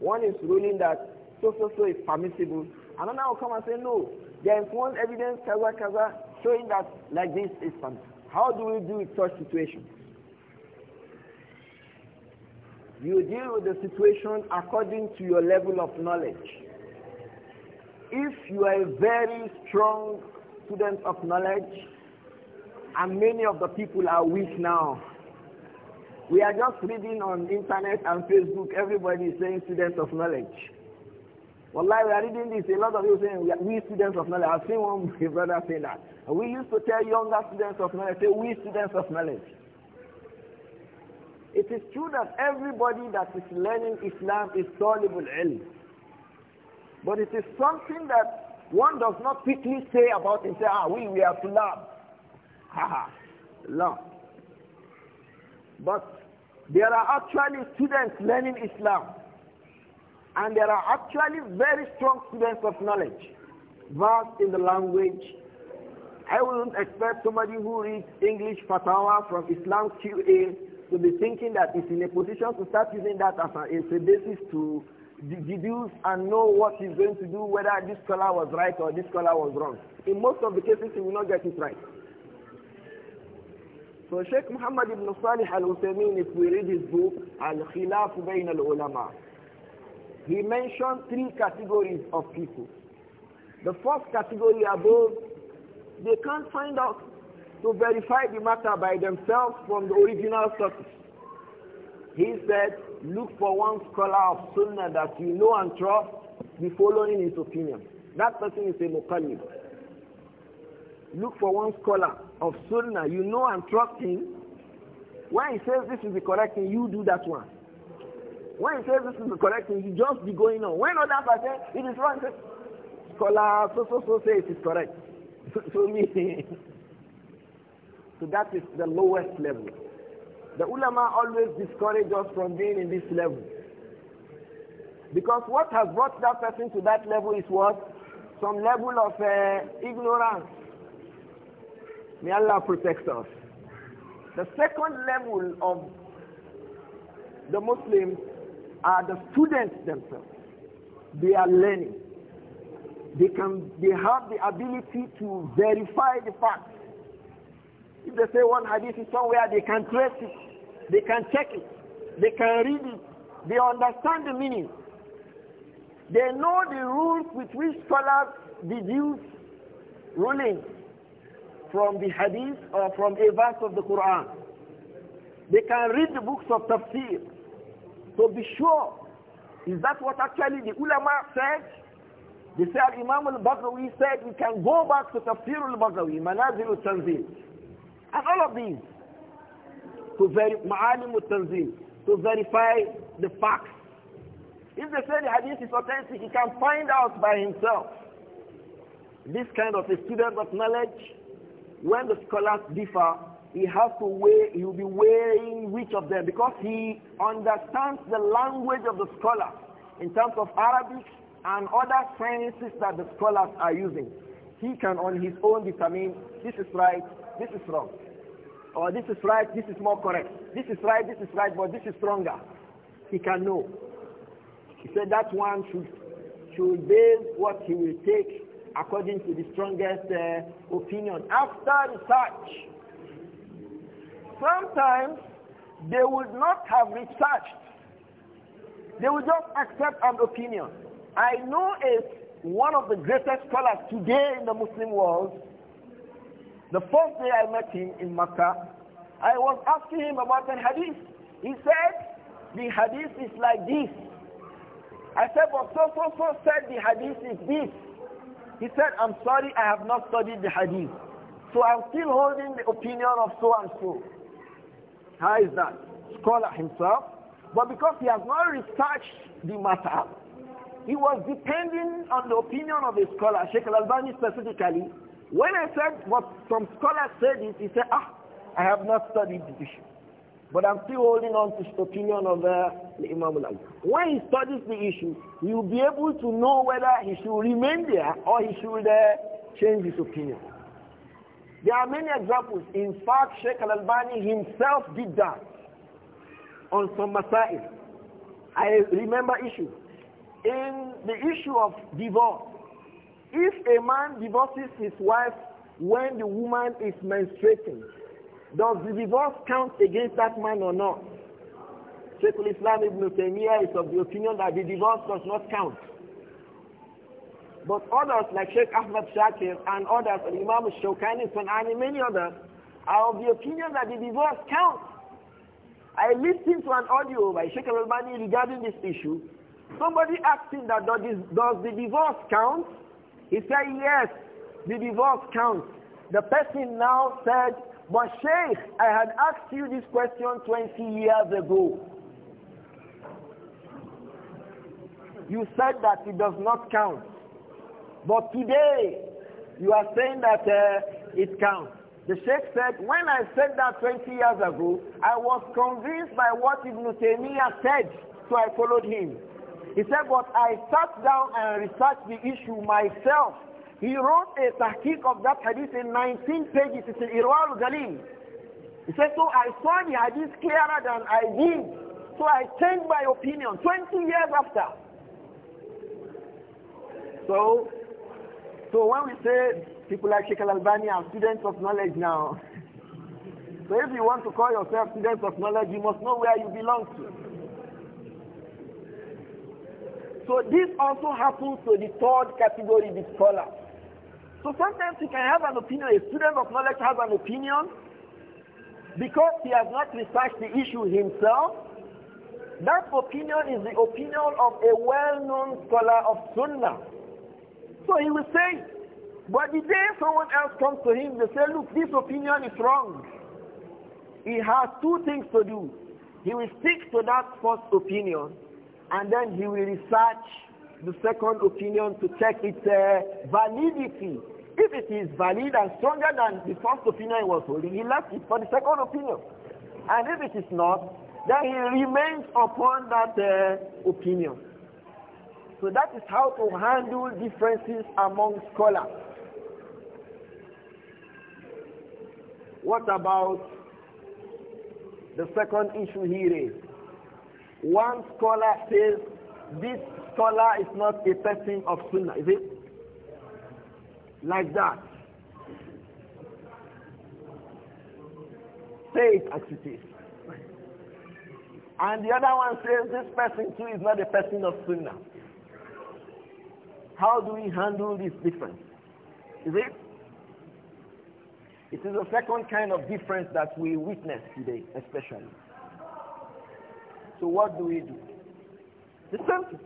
One is ruling that so so so is permissible. and Another will come and say no, there is one evidence, kaza kaza, showing that like this is something. How do we deal with such situations? You deal with the situation according to your level of knowledge. If you are a very strong student of knowledge, and many of the people are weak now, we are just reading on internet and Facebook, everybody is saying students of knowledge. Wallahi, we are reading this. A lot of you saying, we students of knowledge. I've seen one brother say that. We used to tell younger students of knowledge, say, we students of knowledge. It is true that everybody that is learning Islam is soluble ill. But it is something that one does not quickly say about himself, ah, we, we are ha ha, no. But there are actually students learning Islam. And there are actually very strong students of knowledge, versed in the language. I wouldn't expect somebody who reads English fatwa from Islam QA to be thinking that he's in a position to start using that as a, as a basis to deduce and know what he's going to do, whether this scholar was right or this scholar was wrong. In most of the cases, he will not get it right. So Sheikh Muhammad ibn Salih al-Uthaymeen, if we read his book, Al-Khilaf Bayn al-Ulama, he mentioned three categories of people. The first category above, they can't find out to verify the matter by themselves from the original sources. He said, look for one scholar of Sunnah that you know and trust, be following his opinion. That person is a muqallid. Look for one scholar of Sunnah you know and trust him. When he says this is the correct thing, you do that one. When he says this is the correct thing, he just be going on. When others are saying it is wrong, scholar so so so say it is correct. So me, so that is the lowest level. The ulama always discourage us from being in this level. Because what has brought that person to that level is what? Some level of uh, ignorance. May Allah protect us. The second level of the Muslims are the students themselves. They are learning. They can they have the ability to verify the facts. If they say one hadith is somewhere, they can trace it, they can check it, they can read it, they understand the meaning. They know the rules with which scholars deduce rulings from the hadith or from a verse of the Quran. They can read the books of tafsir. So be sure, is that what actually the ulama said? They said Imam al-Baghawi said we can go back to Tafsir al-Baghawi, Manazil al-Tanzil. And all of these to verify al-Tanzil, to verify the facts. If they say the hadith is authentic, he can find out by himself. This kind of a student of knowledge, when the scholars differ, he has to weigh, he will be weighing which of them because he understands the language of the scholars in terms of Arabic and other sciences that the scholars are using. He can on his own determine this is right, this is wrong. Or this is right, this is more correct. This is right, this is right, but this is stronger. He can know. He said that one should, should base what he will take according to the strongest uh, opinion after research sometimes they would not have researched. They would just accept an opinion. I know a, one of the greatest scholars today in the Muslim world. The first day I met him in Makkah, I was asking him about the hadith. He said, the hadith is like this. I said, but so, so, so said the hadith is this. He said, I'm sorry, I have not studied the hadith. So I'm still holding the opinion of so and so. How is that? Scholar himself. But because he has not researched the matter, he was depending on the opinion of a scholar, Sheikh Al-Albani specifically. When I said what some scholars said it, he said, ah, I have not studied the issue. But I'm still holding on to the opinion of uh, the Imam al When he studies the issue, he will be able to know whether he should remain there or he should uh, change his opinion. There are many examples. In fact, Sheikh Al-Albani himself did that on some masail. I remember issue. In the issue of divorce, if a man divorces his wife when the woman is menstruating, does the divorce count against that man or not? Sheikh Islam Ibn Taymiyyah is of the opinion that the divorce does not count. But others like Sheikh Ahmad Shakir and others, and Imam Shokani and many others, are of the opinion that the divorce counts. I listened to an audio by Sheikh Al-Albani regarding this issue. Somebody asked him that does the divorce count? He said yes, the divorce counts. The person now said, but Sheikh, I had asked you this question 20 years ago. You said that it does not count. But today, you are saying that uh, it counts. The Sheikh said, when I said that 20 years ago, I was convinced by what Ibn Taymiyyah said, so I followed him. He said, but I sat down and researched the issue myself. He wrote a tahqiq of that hadith in 19 pages. It's in Irwal al-galīm. He said, so I saw the hadith clearer than I did. So I changed my opinion 20 years after. So so when we say people like Sheikh Al-Albani are students of knowledge now, so if you want to call yourself students of knowledge, you must know where you belong to. So this also happens to the third category, the scholar. So sometimes you can have an opinion, a student of knowledge has an opinion, because he has not researched the issue himself, that opinion is the opinion of a well-known scholar of Sunnah. So he will say But the day someone else comes to him, they say, look, this opinion is wrong. He has two things to do. He will stick to that first opinion, and then he will research the second opinion to check its uh, validity. If it is valid and stronger than the first opinion he was holding, he left it for the second opinion. And if it is not, then he remains upon that uh, opinion. So that is how to handle differences among scholars. What about the second issue here? One scholar says this scholar is not a person of Sunnah, is it? Like that. Say it as it is. And the other one says this person too is not a person of Sunnah. How do we handle this difference? Is it? It is a second kind of difference that we witness today, especially. So what do we do? The same thing.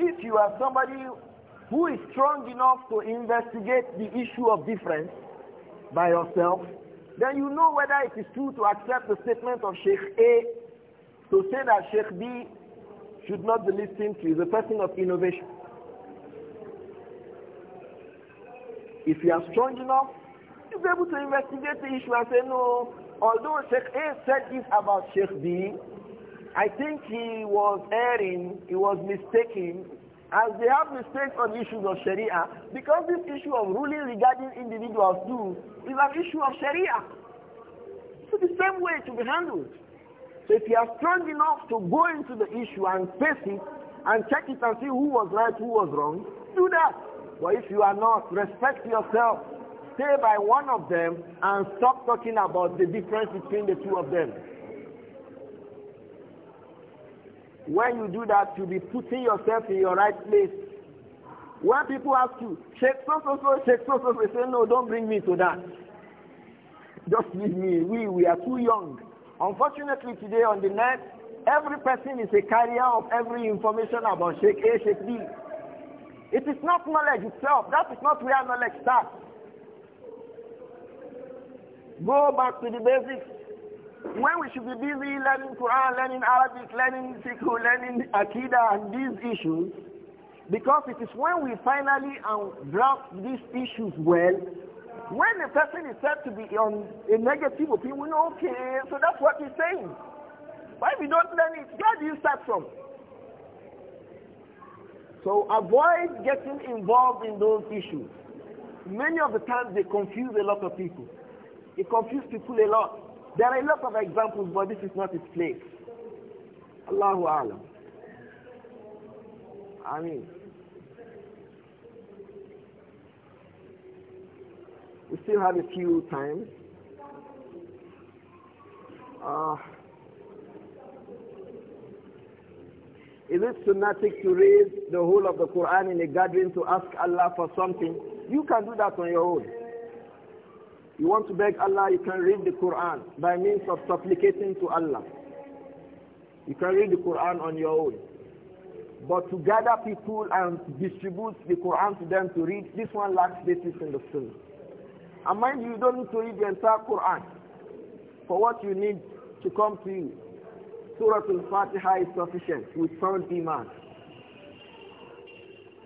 If you are somebody who is strong enough to investigate the issue of difference by yourself, then you know whether it is true to accept the statement of Sheikh A to say that Sheikh B should not be listened to the a person of innovation. If you are strong enough, you'll be able to investigate the issue and say, no, although Sheikh A said this about Sheikh B, I think he was erring, he was mistaken, as they have mistakes on issues of Sharia, because this issue of ruling regarding individuals too is an issue of Sharia. So the same way to be handled. So if you are strong enough to go into the issue and face it and check it and see who was right, who was wrong, do that. But if you are not, respect yourself. Stay by one of them and stop talking about the difference between the two of them. When you do that, you'll be putting yourself in your right place. When people ask you, shake so so so, shake so so so, say no, don't bring me to that. Just leave me. We we are too young. Unfortunately, today on the net, every person is a carrier of every information about Sheikh A, Sheikh B. It is not knowledge itself. That is not where knowledge starts. Go back to the basics. When we should be busy learning Quran, learning Arabic, learning fiqh, learning Akida and these issues, because it is when we finally grasp these issues well when a person is said to be on a negative opinion, we know, okay, so that's what he's saying. But if you don't learn it, where do you start from? So avoid getting involved in those issues. Many of the times they confuse a lot of people. It confuses people a lot. There are a lot of examples, but this is not its place. Allahu Alam. I mean. We still have a few times. Uh, is it sunnatic to read the whole of the Quran in a gathering to ask Allah for something? You can do that on your own. You want to beg Allah, you can read the Quran by means of supplicating to Allah. You can read the Quran on your own. But to gather people and distribute the Quran to them to read, this one lacks basis in the Sunnah. And mind you, you don't need to read the entire Quran for what you need to come to you. Surah Al-Fatiha is sufficient with sound iman.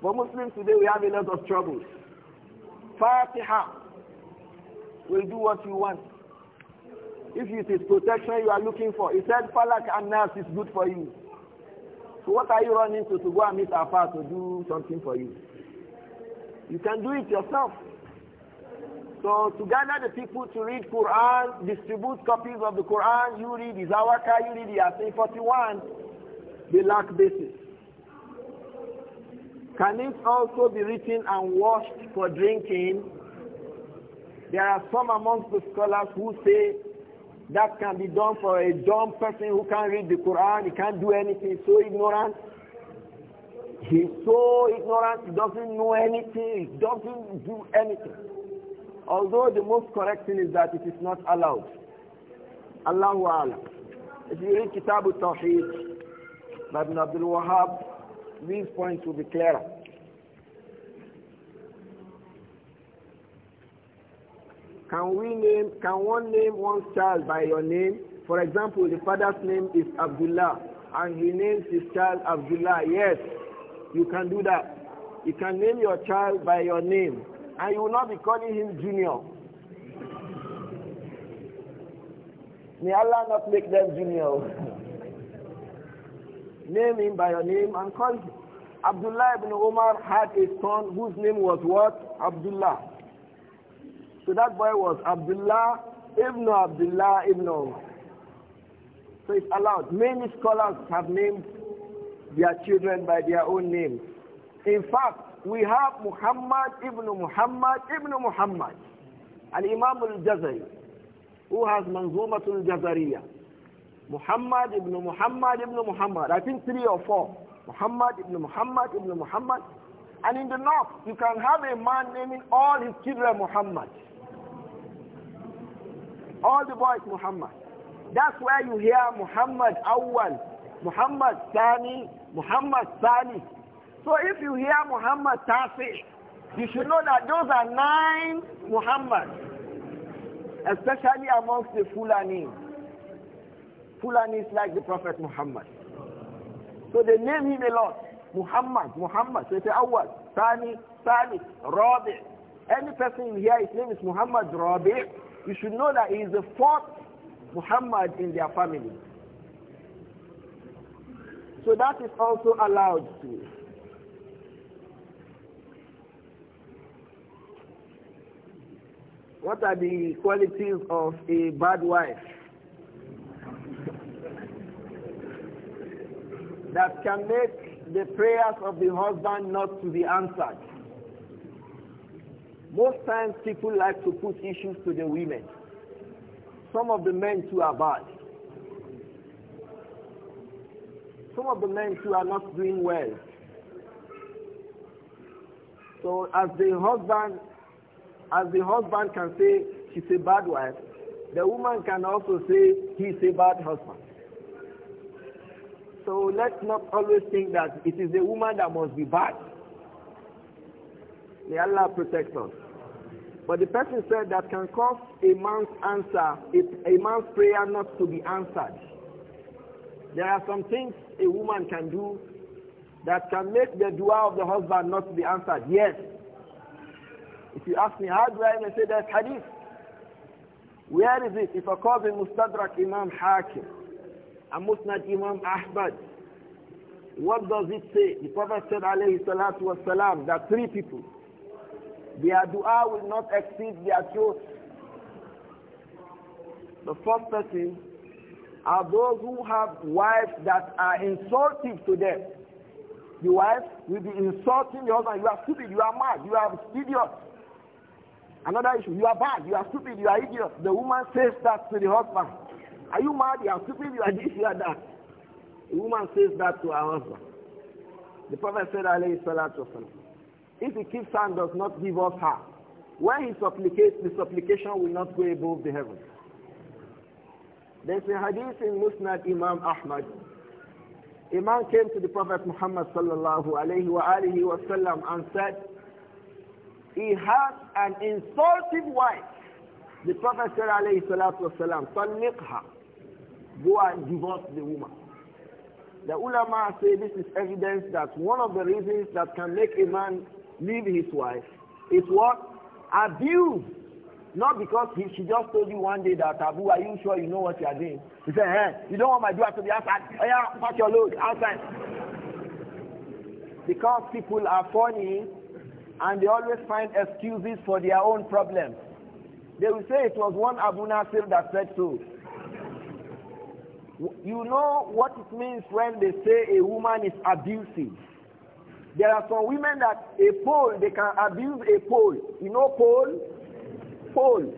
For Muslims today, we have a lot of troubles. Fatiha will do what you want. If it is protection you are looking for, it said Falak and Nas is good for you. So what are you running to to go and meet Afar to do something for you? You can do it yourself. So to gather the people to read Quran, distribute copies of the Quran, you read Izawaka, you read the 41, they lack basis. Can it also be written and washed for drinking? There are some amongst the scholars who say that can be done for a dumb person who can't read the Quran, he can't do anything, so ignorant. He's so ignorant, he doesn't know anything, he doesn't do anything. Although the most correct thing is that it is not allowed. Allahu Alam. If you read Kitab al-Tawheed by Ibn Abdul Wahab, these points will be clearer. Can we name, can one name one's child by your name? For example, the father's name is Abdullah and he names his child Abdullah. Yes, you can do that. You can name your child by your name and you will not be calling him junior. May Allah not make them junior. name him by your name and call him. Abdullah ibn Umar had a son whose name was what? Abdullah. So that boy was Abdullah ibn Abdullah ibn Umar. So it's allowed. Many scholars have named their children by their own names. In fact, we have Muhammad ibn Muhammad ibn Muhammad, al-Imam al-Jazari, who has Manzumatul Jazariya. Muhammad ibn Muhammad ibn Muhammad, I think three or four. Muhammad ibn Muhammad ibn Muhammad. And in the north, you can have a man naming all his children Muhammad. All the boys Muhammad. That's where you hear Muhammad Awal, Muhammad Sani, Muhammad Sani. So if you hear Muhammad Tafi, you should know that those are nine Muhammad, especially amongst the Fulani. Fulani is like the Prophet Muhammad. So they name him a lot. Muhammad, Muhammad. So they say Awad, Sani, Sani, Rabi. Any person you hear his name is Muhammad Rabi, you should know that he is the fourth Muhammad in their family. So that is also allowed to. What are the qualities of a bad wife? that can make the prayers of the husband not to be answered. Most times people like to put issues to the women. Some of the men too are bad. Some of the men too are not doing well. So as the husband as the husband can say, she's a bad wife, the woman can also say, he's a bad husband. So let's not always think that it is the woman that must be bad. May Allah protect us. But the person said that can cause a man's answer, a man's prayer not to be answered. There are some things a woman can do that can make the dua of the husband not be answered. Yes, if you ask me, how do I say that hadith? Where is it? If I call the Mustadrak Imam Hakim, a Musnad Imam Ahmad, what does it say? The Prophet said, alayhi salatu wasalam, that three people, their dua will not exceed their throat. The first person are those who have wives that are insulting to them. The wife will be insulting your husband. You are stupid, you are mad, you are idiot. Another issue, you are bad, you are stupid, you are idiot. The woman says that to the husband. Are you mad? You are stupid, you are this, you are that. The woman says that to her husband. The Prophet said, alayhi salatu wasalam, if the kisan does not give us her, when he supplicates, the supplication will not go above the heavens. There's a hadith in Musnad Imam Ahmad. A man came to the Prophet Muhammad sallallahu alayhi wa alihi wasallam and said, he had an insulted wife. The Prophet said, alayhi salatu wasalam, Talliqha. Go and divorce the woman. The ulama say this is evidence that one of the reasons that can make a man leave his wife is what? Abuse. Not because he, she just told you one day that, Abu, are you sure you know what you are doing? He said, hey, eh, you don't want my daughter to be outside. Oh yeah, pack your load outside. Because people are funny, and they always find excuses for their own problems. They will say it was one Abu Nasir that said so. You know what it means when they say a woman is abusive. There are some women that a pole, they can abuse a pole. You know pole? Pole.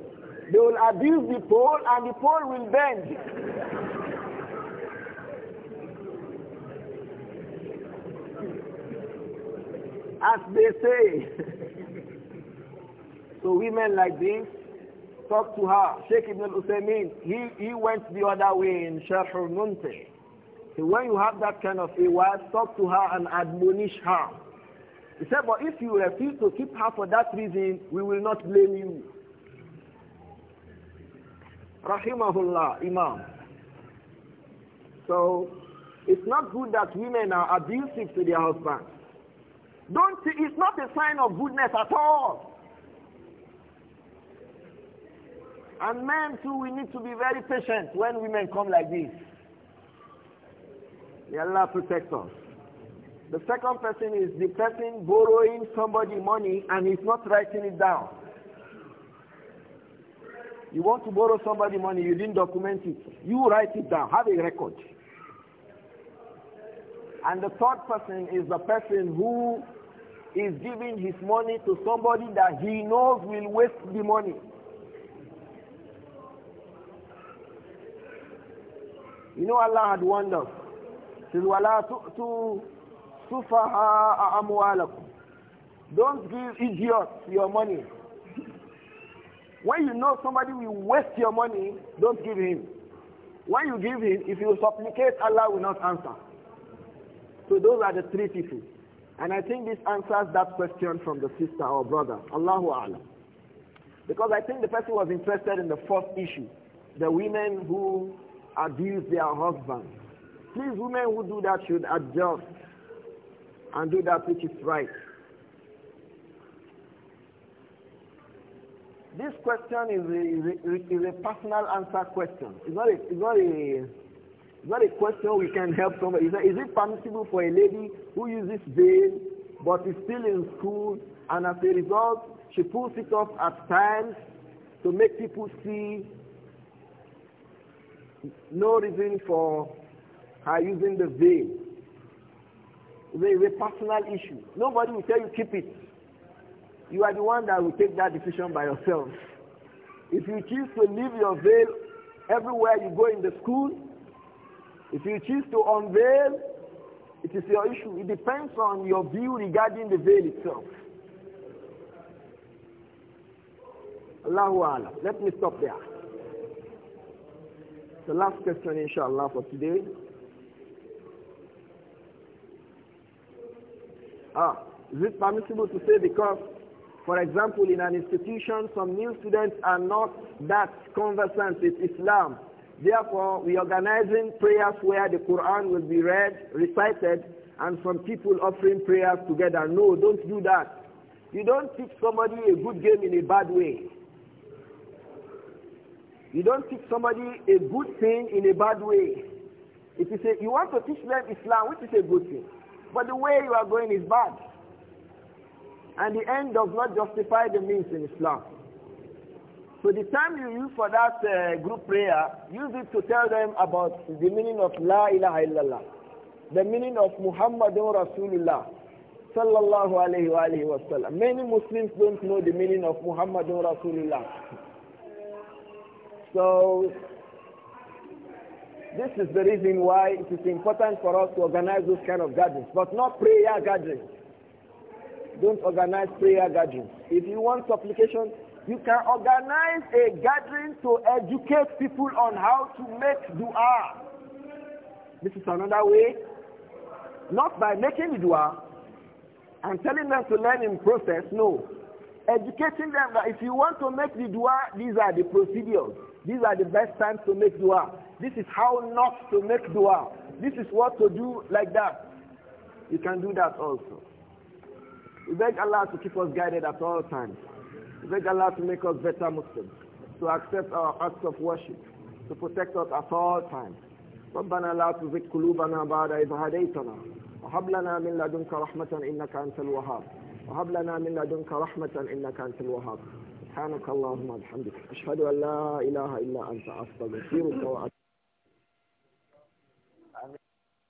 They will abuse the pole and the pole will bend. as they say. so women like this, talk to her. Sheikh Ibn uthaymeen he, he went the other way in Sharh al-Munti. So when you have that kind of a wife, talk to her and admonish her. He said, but if you refuse to keep her for that reason, we will not blame you. Rahimahullah, Imam. So, it's not good that women are abusive to their husbands. Don't it's not a sign of goodness at all. And men too, we need to be very patient when women come like this. May Allah protect us. The second person is the person borrowing somebody money and he's not writing it down. You want to borrow somebody money, you didn't document it. You write it down, have a record. And the third person is the person who is giving his money to somebody that he knows will waste the money. You know Allah had warned us. Says, وَلَا تُؤْتُوا سُفَهَاءَ أَمْوَالَكُمْ Don't give idiots your money. When you know somebody will waste your money, don't give him. When you give him, if you supplicate, Allah will not answer. So those are the three people. And I think this answers that question from the sister or brother. Allahu A'lam. Because I think the person was interested in the first issue, the women who abuse their husbands. Please, women who do that should adjust and do that which is right. This question is a, is a, is a personal answer question. It's not a, it's not a it's not a question we can help somebody? Is, it permissible for a lady who uses veil but is still in school and as a result she pulls it off at times to make people see no reason for her using the veil. There is a personal issue. Nobody will tell you keep it. You are the one that will take that decision by yourself. If you choose to leave your veil everywhere you go in the school, if you choose to unveil, it is your issue. It depends on your view regarding the veil itself. Allahu Alam. Let me stop there. The last question, inshallah, for today. Ah, is it permissible to say because, for example, in an institution, some new students are not that conversant with Islam Therefore, we are organizing prayers where the Quran will be read, recited, and some people offering prayers together. No, don't do that. You don't teach somebody a good game in a bad way. You don't teach somebody a good thing in a bad way. If you say you want to teach them Islam, which is a good thing, but the way you are going is bad. And the end does not justify the means in Islam. So the time you use for that uh, group prayer, use it to tell them about the meaning of La ilaha illallah, the meaning of Muhammadun Rasulullah, sallallahu alayhi wa alayhi wa sallam. Many Muslims don't know the meaning of Muhammadun Rasulullah. So this is the reason why it is important for us to organize those kind of gatherings, but not prayer gatherings. Don't organize prayer gatherings. If you want supplication, you can organize a gathering to educate people on how to make dua. This is another way. Not by making the dua and telling them to learn in process, no. Educating them that if you want to make the dua, these are the procedures. These are the best times to make dua. This is how not to make dua. This is what to do like that. You can do that also. We beg Allah to keep us guided at all times. Beg Allah to make us better Muslims, to accept our acts of worship, to protect us at all times. ربنا لا تزغ قلوبنا بعد إذ هديتنا وهب لنا من لدنك رحمة إنك أنت الوهاب وهب لنا من لدنك رحمة إنك أنت الوهاب سبحانك اللهم وبحمدك أشهد أن لا إله إلا أنت أستغفرك وأتوب